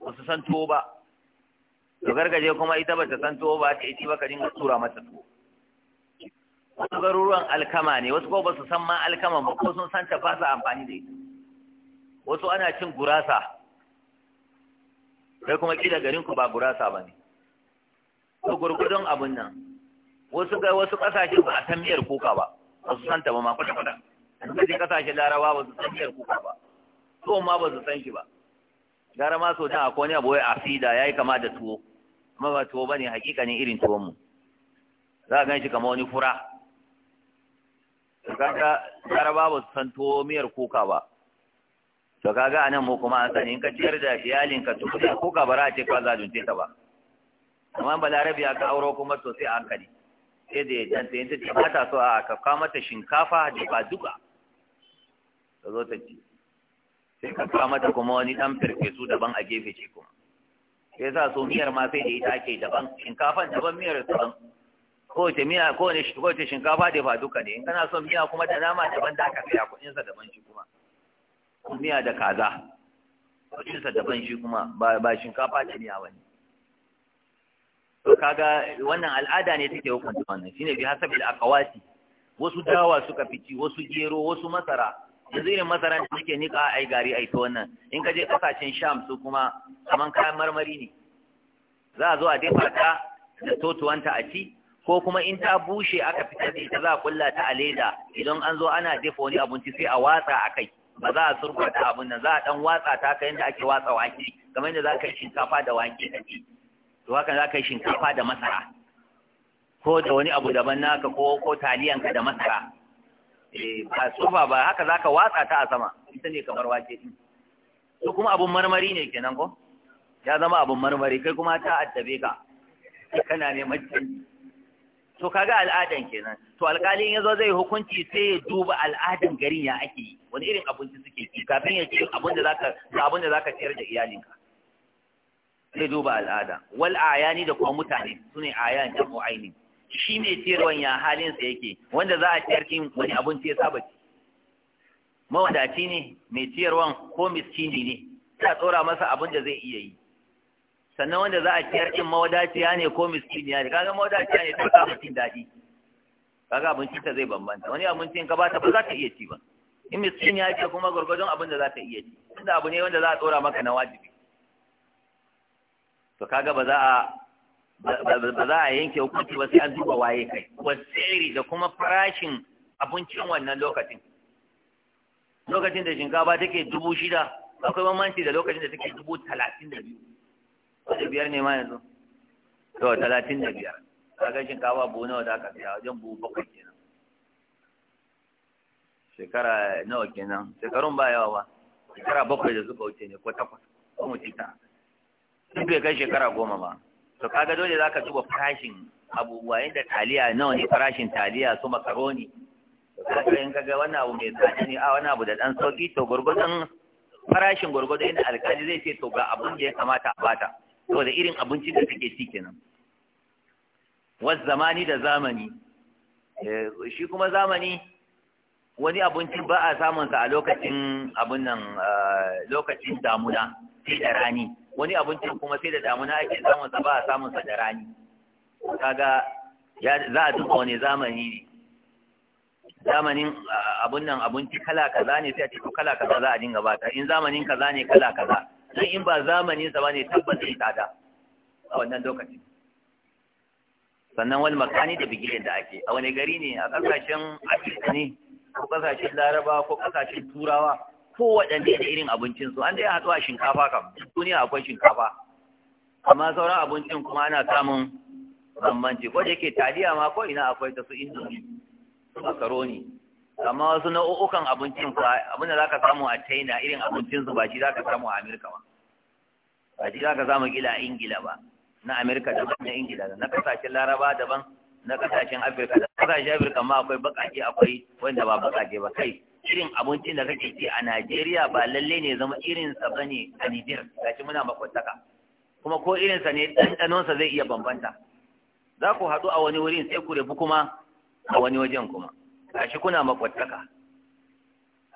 wasu san tuwo ba to gargaje kuma ita bata san tuwo ba ta ci ba ka dinga tura mata tuwo wasu garuruwan alkama ne wasu kuma basu san ma alkama ba ko sun san ta su amfani da ita wasu ana cin gurasa kai kuma kila garin ku ba gurasa ba ne to gurgudun abun nan wasu ga wasu kasashe ba a san miyar kuka ba wasu san ta ba ma kwata kwata suka je kasashen laraba ba su san miyar kuka ba tuwon ma ba su san shi ba gara ma so dan akwai wani abu ya asida yayi kama da tuwo amma ba tuwo bane ne irin tuwon mu za a ganshi kama wani fura kaga laraba ba su san tuwo miyar kuka ba to kaga anan mu kuma an sani in ka ciyar da iyalin ka tuwo kuka ba za a ce ka zalunce ta ba amma balarabe ya ka auro kuma sosai a hankali sai da ya danta yanzu ta ba ta so a kafa mata shinkafa da ba duka ta zo ta ci sai ka kawo mata kuma wani ɗan firfesu daban a gefe ce kuma sai sa so miyar ma sai da ita ake daban shinkafan daban miyar daban ta miya ko ta shinkafa da fa duka ne in kana son miya kuma da nama daban da aka kaya kudin sa daban shi kuma miya da kaza kuɗin sa daban shi kuma ba ba shinkafa ta miya wani. to kaga wannan al'ada ne take hukunta wannan shine bi hasabil aqwati wasu dawa suka fici wasu gero wasu masara yanzu irin masaran da suke nika ai gari ai to wannan in ka je kasashen sham su kuma kaman kayan marmari ne za a zo a dafa ta da totuwanta a ci ko kuma in ta bushe aka fitar da ita za a kulla ta a leda idan an zo ana dafa wani abinci sai a watsa a kai ba za a ta abin nan za a dan watsa ta kai yadda ake watsa wake kamar yadda za ka yi shinkafa da wake da ci to haka za ka yi shinkafa da masara ko da wani abu daban naka ko ko taliyanka da masara a eh, ba tsufa ba haka zaka watsa ta a sama ita ne kamar wake din su kuma abun marmari ne kenan ko ya zama abun marmari kai kuma ta addabe ka kana neman canji to kaga al'adan kenan to alƙali in yazo zai hukunci sai ya duba al'adan garin ya ake yi wani irin abinci suke ci kafin ya ce abin da zaka abin da zaka ciyar da iyalinka sai duba al'ada wal ayani da kuma mutane sune ayan da ko aini shi mai ciyarwan ya halinsa yake wanda za a ciyar kin wani abinci ya saba ci mawadaci ne mai ciyarwan ko miskini ne ta tsora masa abin da zai iya yi sannan wanda za a ciyar kin mawadaciya ne ko miskiniya ne kaga mawadaciya ne ta saba cin daɗi kaga abincin ta zai bambanta wani abincin ka bata ba za ta iya ci ba in ya ce kuma gwargwadon abin da za ta iya ci tunda abu ne wanda za a tsora maka na wajibi to kaga ba za a ba za a yanke hukunci ba sai an duba waye kai wasiri da kuma farashin abincin wannan lokacin lokacin da shinkafa take dubu shida akwai mamanci da lokacin da take dubu talatin da biyu wata biyar ne ma yanzu to talatin da biyar kaga shinkafa buhu nawa za ka siya wajen buhu bakwai kenan shekara nawa kenan shekarun ba yawa ba shekara bakwai da suka wuce ne ko takwas ko mu ci ta duk bai kai shekara goma ba to kaga dole zaka duba farashin abubuwa inda taliya nawa ne farashin taliya su makaroni to kaga in kaga wannan abu mai tsada ne a wani abu da dan sauki to gurgurdan farashin gurgurdan inda alkali zai ce to ga abun da ya kamata a bata to da irin abincin da take ci kenan wasu zamani da zamani eh, shi kuma zamani wani abinci ba a samunsa a lokacin abin nan eh, lokacin damuna sai da rani wani abincin kuma sai da damuna ake samun sa ba a samun sa da rani kaga za a duka wani zamani ne zamanin abun nan abinci kala kaza ne sai a ce to kala kaza za a dinga ba ta in zamanin kaza ne kala kaza dan in ba zamanin sa bane tabbata ita da a wannan lokacin sannan wani makani da bigilen da ake a wani gari ne a kasashen afirka ne ko kasashen laraba ko kasashen turawa kowaɗanne da irin abincinsu an dai haɗu a shinkafa kam duniya akwai shinkafa amma sauran abincin kuma ana samun bambanci ko da yake taliya ma ko ina akwai ta su indomi su makaroni amma wasu nau'ukan abincin su abin da ka samu a china irin abincin su ba shi za ka samu a amerika ba ba shi za ka samu gila a ingila ba na amerika daban na ingila na kasashen laraba daban na kasashen afirka da kasashen afirka ma akwai bakaki akwai wanda ba bakaki ba kai irin abincin da kake ci a Najeriya ba lalle ne zama irinsa ba ne a gashi muna makwantaka. Kuma ko irinsa ne ɗanɗanonsa zai iya bambanta. Za ku haɗu a wani wurin sai ku rabu kuma a wani wajen kuma, gashi kuna makwantaka.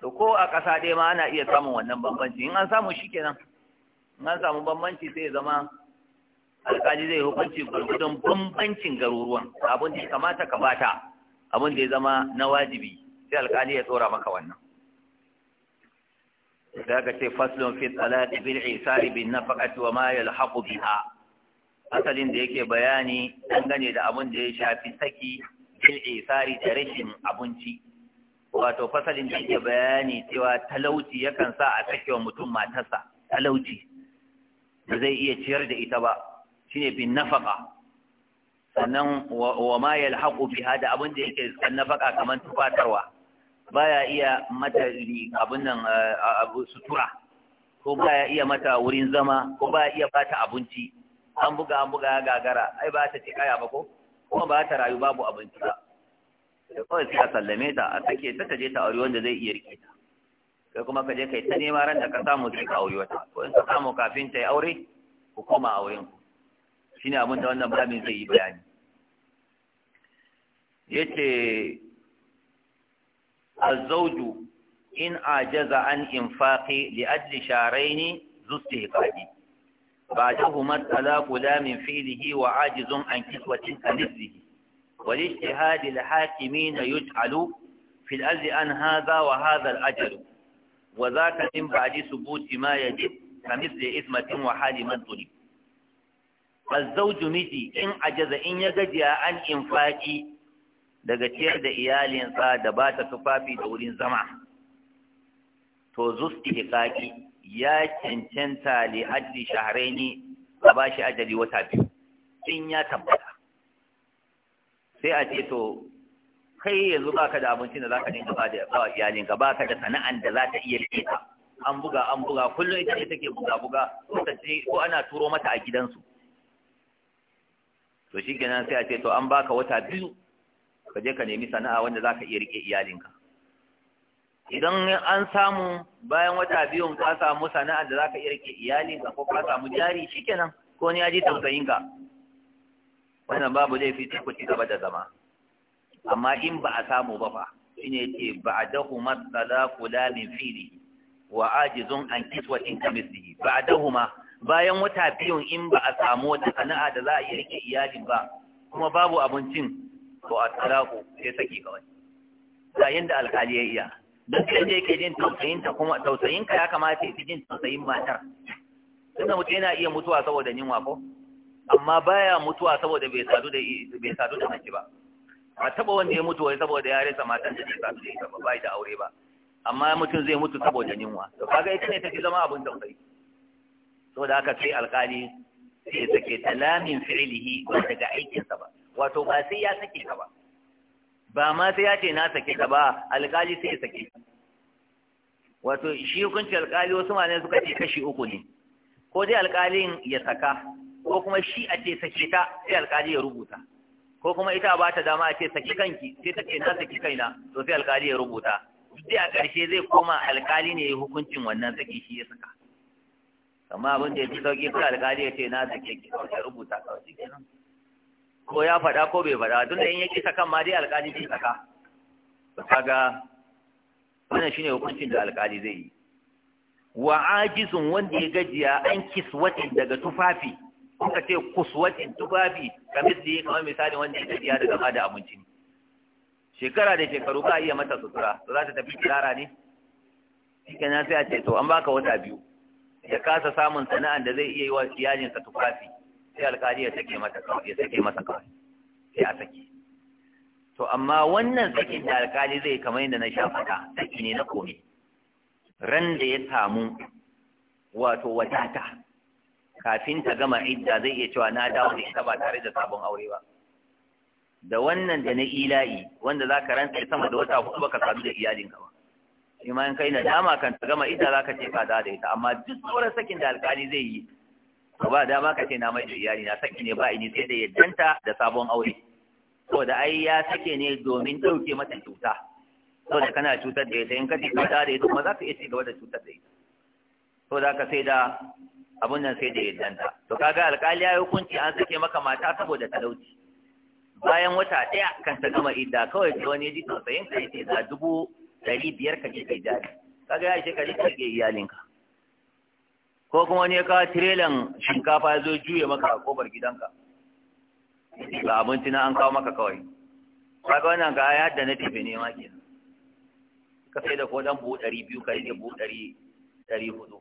To ko a ƙasa ɗaya ma ana iya samun wannan bambanci, in an samu shi kenan. In an samu bambanci sai zama alƙali zai hukunci gudun bambancin garuruwan abin da kamata ka bata abin da ya zama na wajibi sai alƙali ya tsora maka wannan da aka ce faslun fi talati bil isari bin nafaqati wa ma haƙu biha asalin da yake bayani dangane da abun da ya shafi saki bil isa da rashin abinci wato fasalin da yake bayani cewa talauci yakan sa a sake wa mutum matarsa talauci da zai iya ciyar da ita ba shine bin nafaka sannan wa ma yalhaqu biha da abun da yake nafaka kamar tufatarwa baya iya mata abin nan eh, abu sutura ko baya iya mata wurin zama ko baya iya bata abinci an buga an buga ya gagara ai ba ta ci kaya ba ko kuma ba ta rayu babu abinci ba kawai sai a sallame ta a sake ta ta je ta aure wanda zai iya rike ta kai kuma ka je kai ta nema ran da ka samu sai ka aure wata ko in ka samu kafin ta yi aure ku koma auren ku shine abin da wannan babin zai yi bayani yace الزوج إن أعجز عن إنفاق لأجل شهرين ذو استهقاق بعدهما الطلاق لا من فعله وعاجز عن كسوة كمثله والاجتهاد الحاكمين يجعل في الأجل أن هذا وهذا الأجل وذاك من بعد ثبوت ما يجب كمثل إثمة وحال من طلب الزوج مجي إن عجز إن يجد عن إنفاقي daga ciyar da iyalinsa da ba ta tufafi da wurin zama to zus ihqaqi ya cancanta li haddi shahraini a bashi ajali wata biyu in ya tabbata sai a ce to kai yanzu ka da abincin da za ka dinga ba da ba iyalinka baka da sana'an da za ta iya rike ka an buga an buga kullum ita ce take buga buga ko ta ce ko ana turo mata a gidansu to shi kenan sai a ce to an baka wata biyu ka je ka nemi sana'a wanda za ka iya riƙe iyalinka idan an samu bayan wata biyun ka samu sana'a da za ka iya riƙe iyalinka ko ka samu jari kenan ko ni ya ji tausayinka wannan babu zai fi ku ci gaba da zama amma in ba a samu ba fa shi shine ce ba'dahu matsalaku la min fili wa ajizun an Ba a dahu ma bayan wata biyun in ba a samu wata sana'a da za a iya rike iyalin ba kuma babu abincin ko a talaku sai saki kawai ga yanda alkali ya iya don kai da yake jin tausayin ta kuma tausayin ka ya kamata ya jin tausayin matar tunda mutum yana iya mutuwa saboda yunwa ko amma baya mutuwa saboda bai sadu da bai sadu da mace ba a taba wanda ya mutu wai saboda ya rasa matan da bai sadu da ita ba bai da aure ba amma mutum zai mutu saboda yunwa to kaga ita ne take zama abin tausayi saboda haka sai alkali sai take talamin fi'lihi ba daga aikinsa ba wato ba sai ya sake ka ba ba ma sai ya ce na sake ka ba alƙali sai ya sake wato shi hukunci alƙali wasu malamai suka ce kashi uku ne ko dai alƙalin ya saka ko kuma shi a ce sake ta sai alƙali ya rubuta ko kuma ita ba ta dama a ce saki kanki sai ta ce na saki kaina to sai alkali ya rubuta sai a ƙarshe zai koma alkali ne ya hukuncin wannan saki shi ya saka amma abin da ya fi sauƙi kuma alkali ya ce na saki ki kawai ya rubuta kawai shi kenan ko ya faɗa ko bai faɗa tun da in yake ta kan ma dai alƙali zai saka kaga wannan shine hukuncin da alƙali zai yi wa ajizun wanda ya gajiya an kiswatin daga tufafi kuka ce kuswatin tufafi kamar da kamar misali wanda ya gajiya daga ba da abinci shekara da shekaru ka iya mata sutura za ta tafi kirara ne shi sai a ce to an baka wata biyu ya kasa samun sana'an da zai iya yi wa iyalinsa tufafi sai alkali ya sake mata kawai ya sake masa kawai sai a sake to amma wannan sakin da alkali zai kamar yadda na sha fata saki ne na komi ran da ya samu wato wadata kafin ta gama idda zai iya cewa na dawo da ita ba tare da sabon aure ba da wannan da na ila'i wanda za ka rantsa sama da wata hudu baka sadu da iyalinka ba shi ma in kai na dama kan ta gama idda za ka ce ka da ita amma duk sauran sakin da alkali zai yi to ba dama ka ce na mai iyali na sake ne ba ini sai da yaddanta da sabon aure to da ai ya sake ne domin ɗauke mata cuta to da kana cutar da ita in ka cuta da ita kuma za ka iya ci gaba da cutar da ita to da ka sai da abun nan sai da yaddanta to kaga alƙali ya hukunci an sake maka mata saboda talauci bayan wata ɗaya kan ta gama idda kawai sai wani ji tausayin ka yace da dubu ɗari biyar ka je kai jari kaga ya ishe ka ka rike iyalinka ko kuma wani ya kawo tirelan shinkafa ya zo juye maka a kofar gidanka ga abinci na an kawo maka kawai ga wannan ga ya da na tafi nema ke ka sai da ko dan buhu ɗari biyu ka rike buhu ɗari ɗari hudu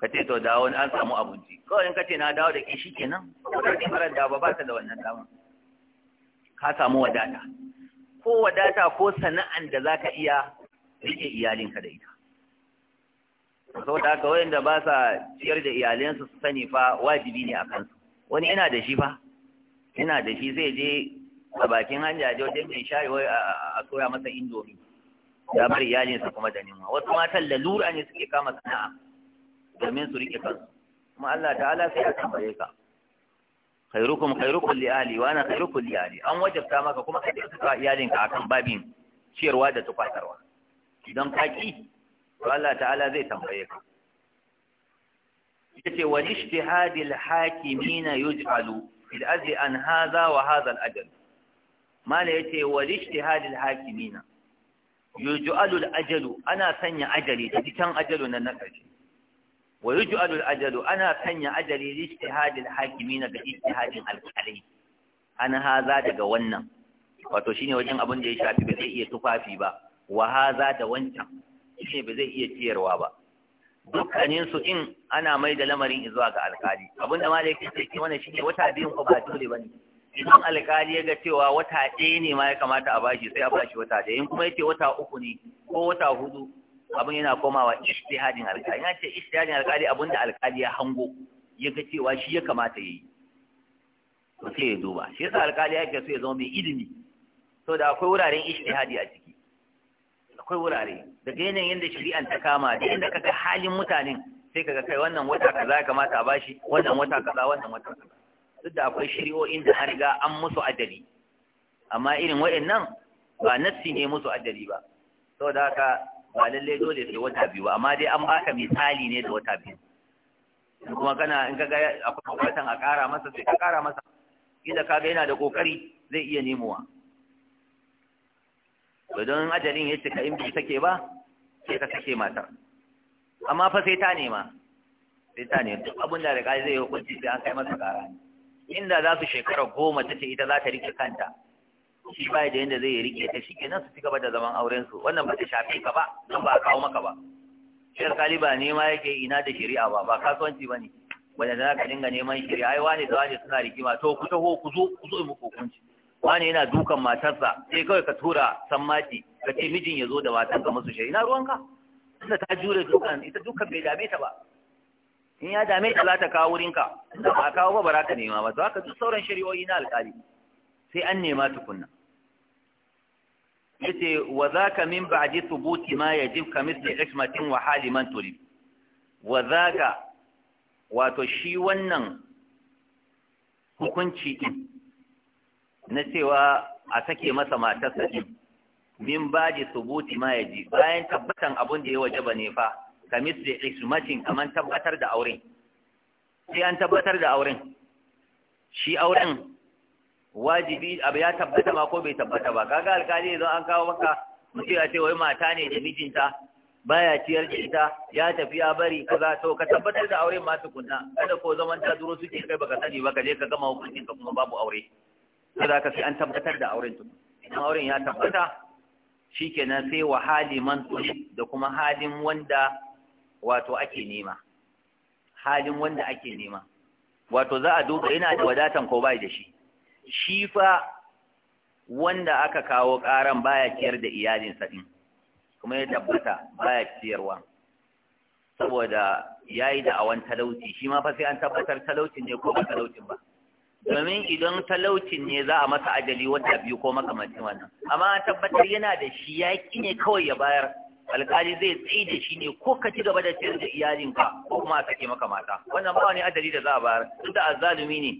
ka ce to da wani an samu abinci kawai in ka ce na dawo da ke shi nan. ko da ke marar da ba ba ta da wannan damar ka samu wadata ko wadata ko sana'an da za ka iya rike iyalinka da ita saboda haka wayanda ba sa ciyar da iyalansu su sani fa wajibi ne a kansu wani yana da shi fa yana da shi zai je a bakin hanya je wajen mai shayi wai a soya masa indomi ya bar iyalinsa kuma da nima wasu matan lalura ne suke kama sana'a domin su rike kansu kuma Allah ta'ala sai ya tambaye ka khairukum khairukum li ahli wa ana khairukum li ahli an wajabta maka kuma kai ka iyalinka akan babin ciyarwa da tufatarwa idan ka ki to Allah ta'ala zai tambaye ka yace wa ijtihadil hakimina yuj'alu fil azli an hadha wa hadha al ajal mala yace wa ijtihadil hakimina yuj'alu al ajalu ana sanya ajali da can ajalu nan na karshe wa yuj'alu al ajalu ana sanya ajali li ijtihadil hakimina da ijtihadin alqali an hadha daga wannan wato shine wajen abin da ya shafi ba zai iya tufafi ba wa hadha da wancan shine ba zai iya ciyarwa ba dukkanin su in ana mai da lamarin zuwa ga alkali abin da malaikin sai ke wannan shine wata biyun ko ba dole bane idan alkali ya ga cewa wata ɗaya ne ma ya kamata a bashi sai a bashi wata ɗaya in kuma yace wata uku ne ko wata hudu abin yana komawa ijtihadin alkali ina ce ijtihadin alkali abin da alkali ya hango ya ga cewa shi ya kamata yayi to sai ya duba shi yasa alkali yake so ya zama mai ilimi to da akwai wuraren ijtihadi a ciki akwai wurare daga yanayin yadda shari'an ta kama da inda kaga halin mutanen sai kaga kai wannan wata kaza ya kamata a bashi wannan wata kaza wannan wata kaza duk da akwai shari'o'in da har riga an musu adali amma irin waɗannan ba nassi ne musu adali ba saboda haka ba lallai dole sai wata biyu ba amma dai an baka misali ne da wata biyu kuma kana in ka ga akwai bukatan a kara masa sai ka kara masa kila ga yana da kokari zai iya nemowa to don ajalin ya cika in bai take ba sai ka sake matar amma fa sai ta nema sai ta nema duk abin da alƙali zai hukunci sai an kai masa kara inda za su shekara goma ta ce ita za ta rike kanta shi ba da yadda zai rike ta shi kenan su ci gaba da zaman auren su wannan ba ta shafe ka ba don ba a kawo maka ba shi alƙali ba nema yake ina da shari'a ba ba kasuwanci ba ne wanda za ka dinga neman shari'a ai wane da wane suna rigima to ku taho ku zo ku zo muku hukunci wani yana dukan matarsa sai kawai ka tura sammati ka ce mijin ya zo da matarsa musu shari Ina ruwanka tunda ta jure dukan ita dukan bai dame ta ba in ya dame ta za ta kawo wurinka da ba kawo ba ba ka nema ba to haka duk sauran shari'o'i na alƙali sai an nema tukunna yace wa zaka min ba'di thubuti ma yajib ka mithli ismatin wa hali man turi. wa zaka wato shi wannan hukunci din na cewa a sake masa matarsa ɗin, min ji subuti ma ya yaji bayan tabbatan abin da ya waje ba ne fa kamis da ismatin kamar tabbatar da auren sai an tabbatar da auren shi auren wajibi abu ya tabbata ma ko bai tabbata ba kaga alkali idan an kawo maka mutum ya ce wai mata ne da mijinta baya ciyar da ita ya tafi ya bari kaza to ka tabbatar da auren ma tukunna kada ko zaman ta duro suke kai baka sani ba ka je ka gama hukuncin ka kuma babu aure to ka sai an tabbatar da auren tun idan auren ya tabbata shikenan sai wa hali man da kuma halin wanda wato ake nema halin wanda ake nema wato za a duba yana da wadatan ko bai da shi shi fa wanda aka kawo karan baya ciyar da iyalinsa din kuma ya tabbata baya ciyarwa saboda yayi da awan talauci shi ma fa sai an tabbatar talaucin ne ko ba talaucin ba domin idan talaucin ne za a masa ajali wata biyu ko makamancin wannan amma an tabbatar yana da shi ya ne kawai ya bayar alƙali zai tsaye da shi ne ko ka ci gaba da ciyar da iyalinka ko kuma a sake maka mata wannan ba wani ajali da za a bayar duk da azzalumi ne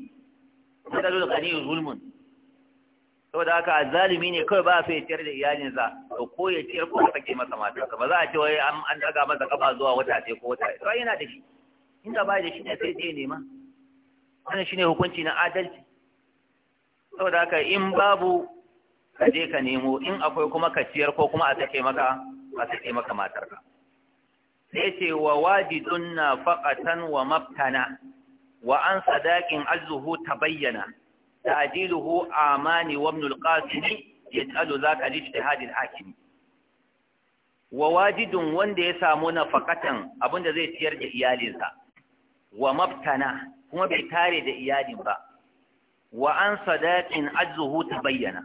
duk da zo da kaniyin zulmun saboda haka azzalumi ne kawai ba su ya ciyar da iyalinsa to ko ya ciyar ko a sake masa mata ba za a ce wai an daga masa kafa zuwa wata ɗaya ko wata ɗaya to yana da shi inda ba da shi ne sai ya nema wannan shine hukunci na adalci saboda haka in babu ka je ka nemo in akwai kuma ka ciyar ko kuma a sake maka a sake maka matarka sai ce wa wajidun nafaqatan wa maftana wa an sadaqin alzuhu tabayyana ta'diluhu amani wa ibn al-qasim zaka al-hakim wa wajidun wanda ya samu nafaqatan abinda zai ciyar da iyalinsa wa mabtana kuma bai tare da iyalin ba wa an sadaqin ajzuhu tabayyana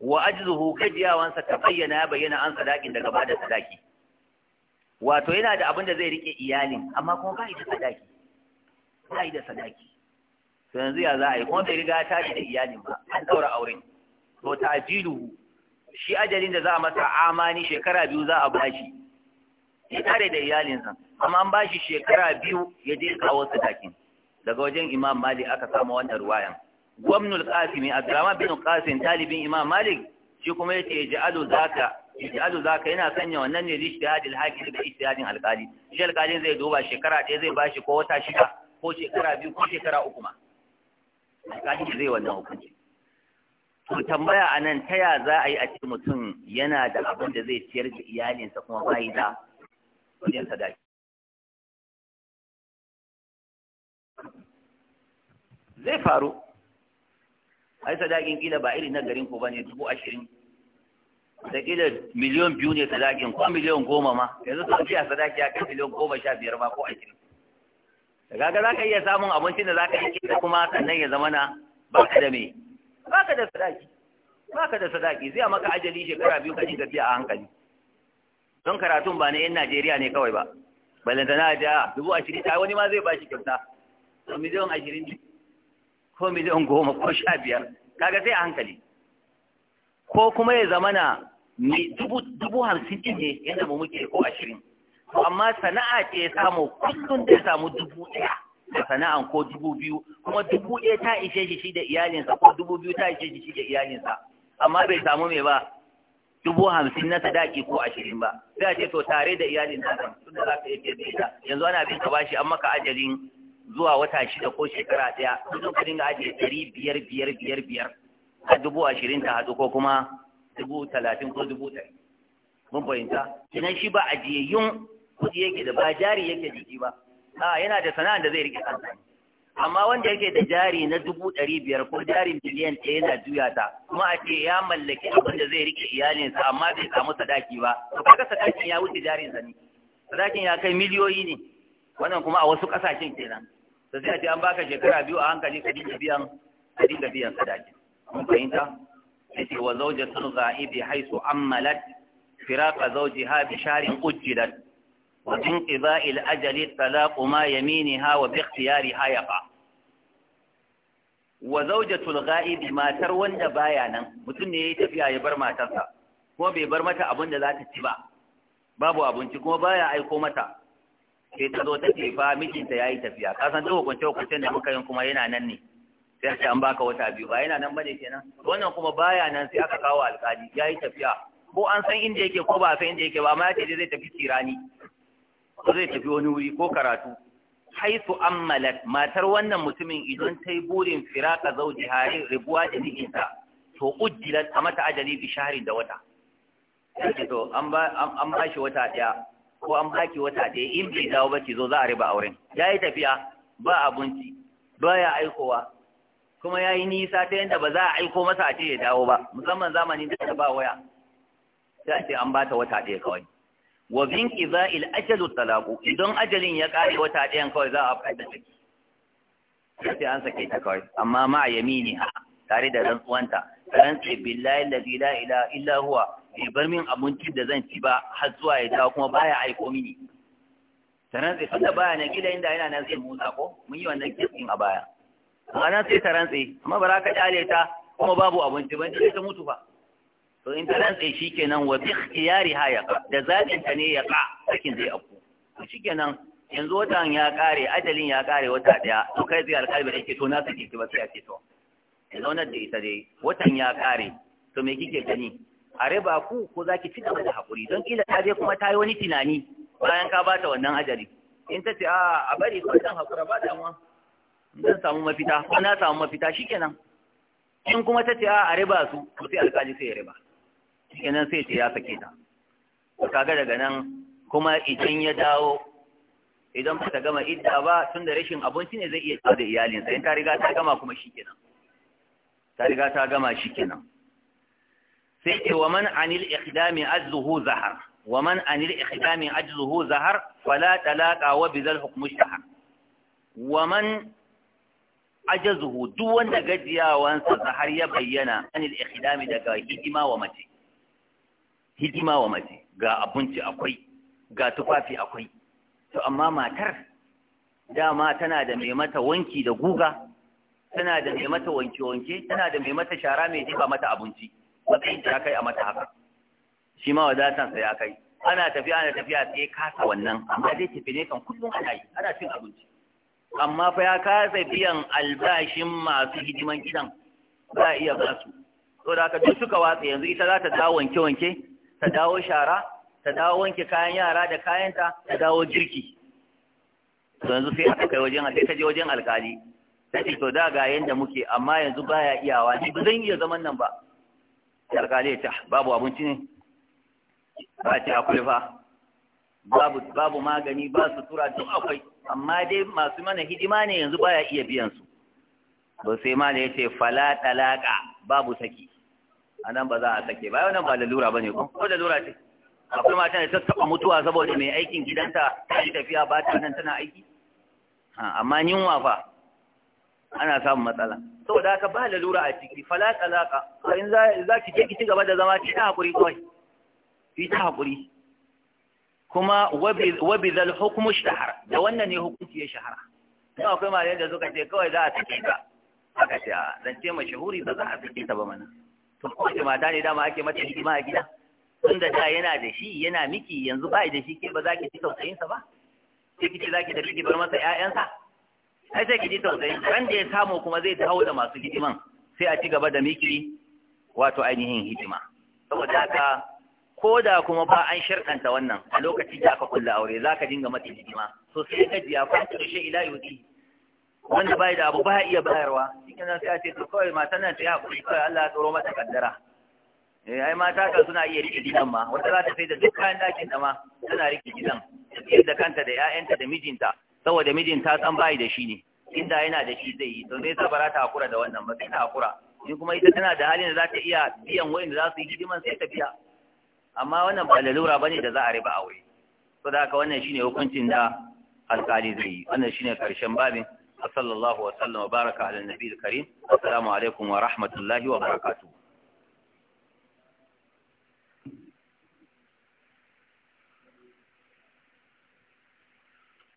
wa ajzuhu kajiyawansa tabayyana ya bayyana an sadaqin daga bada sadaki wato yana da abin da zai rike iyalin amma kuma ba da sadaki bai da sadaki to yanzu ya za a yi kuma bai riga ta da iyalin ba an daura auren to ta'jiluhu shi ajalin da za a masa amani shekara biyu za a bashi ya tare da iyalinsa amma an bashi shekara biyu ya je kawo sadakin daga wajen imam malik aka samu wannan ruwayan gwamnul qasimi abdurrahman bin qasim talibin imam malik shi kuma yace yaj'alu zaka yaj'alu zaka yana sanya wannan ne lishtihadil hakim da ishtihadin alqali shi alqalin zai duba shekara ɗaya zai bashi ko wata shida ko shekara biyu ko shekara uku ma alqali zai wannan hukunci to tambaya anan ta ya za a yi a cikin mutum yana da abin da zai ciyar da iyalinsa kuma bai da wajen sadaki zai faru ai sadakin kila ba irin na garin ku bane dubu ashirin da kila miliyon biyu ne sadakin ko miliyon goma ma yanzu sun ce sadaki a kan miliyon goma sha biyar ma ko ashirin da gaga za ka iya samun abincin da za ka yi da kuma sannan ya zama na ba ka da me ba ka da sadaki ba ka da sadaki zai maka ajali shekara biyu ka ji ka biya a hankali don karatun ba na yan Najeriya ne kawai ba balanta na ja dubu ashirin ta wani ma zai bashi kyauta ko miliyon ashirin ne ko miliyon goma ko sha biyar kaga sai a hankali ko kuma ya zamana dubu hamsin ɗin ne yadda mu muke ko ashirin amma sana'a ce ya samu kullum da ya samu dubu ɗaya da sana'an ko dubu biyu kuma dubu ɗaya ta ishe shi da iyalinsa ko dubu biyu ta ishe shi da iyalinsa amma bai samu mai ba dubu hamsin na sadaki ko ashirin ba sai a ce to tare da iyalin nasa tun da za ka iya fiye da yanzu ana bin ka bashi an maka ajalin zuwa wata shida ko shekara ɗaya kullum ka dinga ajiye ɗari biyar biyar biyar biyar a dubu ashirin ta haɗu ko kuma dubu talatin ko dubu ɗari mun fahimta Ina shi ba ajiyayyun kuɗi yake da ba jari yake jiki ba a yana da sana'a da zai riƙe kansa amma wanda yake da jari na dubu ɗari biyar ko jarin miliyan ɗaya yana juya ta kuma a ce ya mallaki abin da zai rike iyalinsa amma bai samu sadaki ba to kaga sadakin ya wuce jarinsa ne sadakin ya kai miliyoyi ne wannan kuma a wasu ƙasashen kenan to sai a ce an baka shekara biyu a hankali ka dinga biyan ka dinga biyan sadakin mun fahimta ce wa za'a za'ibi haisu ammalat firaqa zawjiha bi sharin ujjidat wa bin qida'il ajali talaqu ma yaminiha wa bi ikhtiyariha yaqa wa zawjatul ghaibi matar wanda baya nan mutum ne ya yi tafiya ya bar matarsa kuma bai bar mata abin da za ta ci ba babu abinci kuma baya aiko mata sai ta zo ta ce fa mijinta ya yi tafiya ka san duk hukunce hukuncen da muka yin kuma yana nan ne sai ce an baka wata biyu ba yana nan bane kenan wannan kuma baya nan sai aka kawo alƙali Ya yi tafiya ko an san inda yake ko ba a san inda yake ba amma ya ce zai tafi tirani zai tafi wani wuri ko karatu haisu ammalat matar wannan mutumin idan ta yi burin firaka zauji hari ribuwa da mijinta to ujjilat a mata ajali bi shahrin da wata yake to an ba shi wata ɗaya ko an baki wata ɗaya in bai dawo ba ki zo za a riba auren ya yi tafiya ba abinci ba ya aikowa kuma ya yi nisa ta yadda ba za a aiko masa a ce ya dawo ba musamman zamanin da ta ba waya sai ce an ba ta wata ɗaya kawai wa bin qiza'il ajalu talaqu idan ajalin ya kare wata ɗayan kawai za a fada ciki sai an sake ta kawai amma ma yamini ha tare da rantsuwanta rantsi billahi allazi la ilaha illa huwa bai bar min abinci da zan ci ba har zuwa ya dawo kuma baya aiko mini taran sai tunda baya na gida inda yana nan zai motsa ko mun yi wannan kisin a baya ana sai taran tsaye amma ba za ka kyale ta kuma babu abinci ban ta mutu ba to in ta rantsa shi kenan wa bi khiyari ha yaqa da zalin ta ne yaqa sakin zai afku to shi kenan yanzu watan ya kare ajalin ya kare wata daya to kai zai alƙalbi da yake to na sake ki ba sai ake to ya zaunar da ita dai watan ya kare to me kike gani a riba ku ko za ki da haƙuri don kila ta je kuma ta yi wani tunani bayan ka ba ta wannan ajali in ta ce a a bari ko dan hakura ba damuwa zan samu mafita ko na samu mafita shikenan in kuma ta ce a riba su to sai alƙali sai ya riba kenan sai ce ya sake ta kaga daga nan kuma idan ya dawo idan ba ta gama idda ba tun da rashin abinci ne zai iya tsawo da iyalinsa in ta riga ta gama kuma kenan. ta riga ta gama shikenan sai ce wa man anil ikhdami ajzuhu zahar wa man anil ikhdami ajzuhu zahar fala talaqa wa bizal hukmu shahar wa man ajazuhu duk wanda gajiyawansa zahar ya bayyana anil ikhdami daga hidima wa mace hidima wa mace ga abinci akwai ga tufafi akwai to amma matar dama tana da mai mata wanki da guga tana da mai mata wanke-wanke tana da mai mata shara mai jefa mata abinci matsayin ta kai a mata haka shi ma wadatansa ya kai ana tafiya ana tafiya sai kasa wannan amma dai tafi ne kan kullum a yi ana cin abinci amma fa ya kasa biyan albashin masu hidiman gidan za a iya basu to da haka duk suka watsa yanzu ita za ta dawo wanke-wanke ta dawo shara ta dawo wanke kayan yara da kayanta ta dawo girki yanzu sai aka kai wajen sai ta je wajen alkali ta ce to da ga yanda muke amma yanzu baya iyawa ni ba zan iya zaman nan ba sai alkali ya ce ah, babu abinci ne ba ce a kulfa babu babu magani ba su tura duk akwai amma dai masu mana hidima ne yanzu baya iya biyan su to sai mala ya ce fala talaka babu saki a nan ba za a sake ba wannan ba lalura ba ne ko ko lalura ce akwai mata da ta taba mutuwa saboda mai aikin gidanta ta yi tafiya ba ta nan tana aiki amma yunwa fa ana samun matsala saboda haka ba lalura a ciki fala talaka in za ki je ki ci gaba da zama ki ta hakuri kawai ki ta hakuri kuma wa bi zal hukmu shahar da wannan ne hukunci ya shahara to akwai malayan da suka ce kawai za a sake ka aka ce zance mashahuri ba za a sake ta ba mana to mata ne dama ake mata hidima a gida tun da da yana da shi yana miki yanzu ba da shi ke ba za ki ci tausayinsa ba sai ki ce za ki tafi ki bar masa ƴaƴansa ai sai ki ji tausayin ran da ya samu kuma zai dawo da masu hidiman sai a ci gaba da miki wato ainihin hidima saboda haka ko da kuma ba an shirkanta wannan a lokacin da aka kulla aure za ka dinga mata hidima Sosai sai ka ji ya da shi ila yuti wanda bai da abu ba iya bayarwa cikin nan sai a ce to kawai matan nan ta yi haƙuri kawai Allah ya tsoro mata kaddara eh ai mata ka suna iya rike gidan ma wata za ta sai da duk kayan ɗakin da ma tana rike gidan ta da kanta da ƴaƴanta da mijinta saboda mijinta san bai da shi ne inda yana da shi zai yi to ne ta bara ta hakura da wannan ba sai ta hakura in kuma ita tana da halin da za ta iya biyan wayanda za su yi hidiman sai ta biya amma wannan ba lalura bane da za a riba aure saboda haka wannan shine hukuncin da alƙali zai yi wannan shine karshen babin sallallahu wa sallama baraka ala nabiyil karim assalamu alaikum wa rahmatullahi wa barakatu.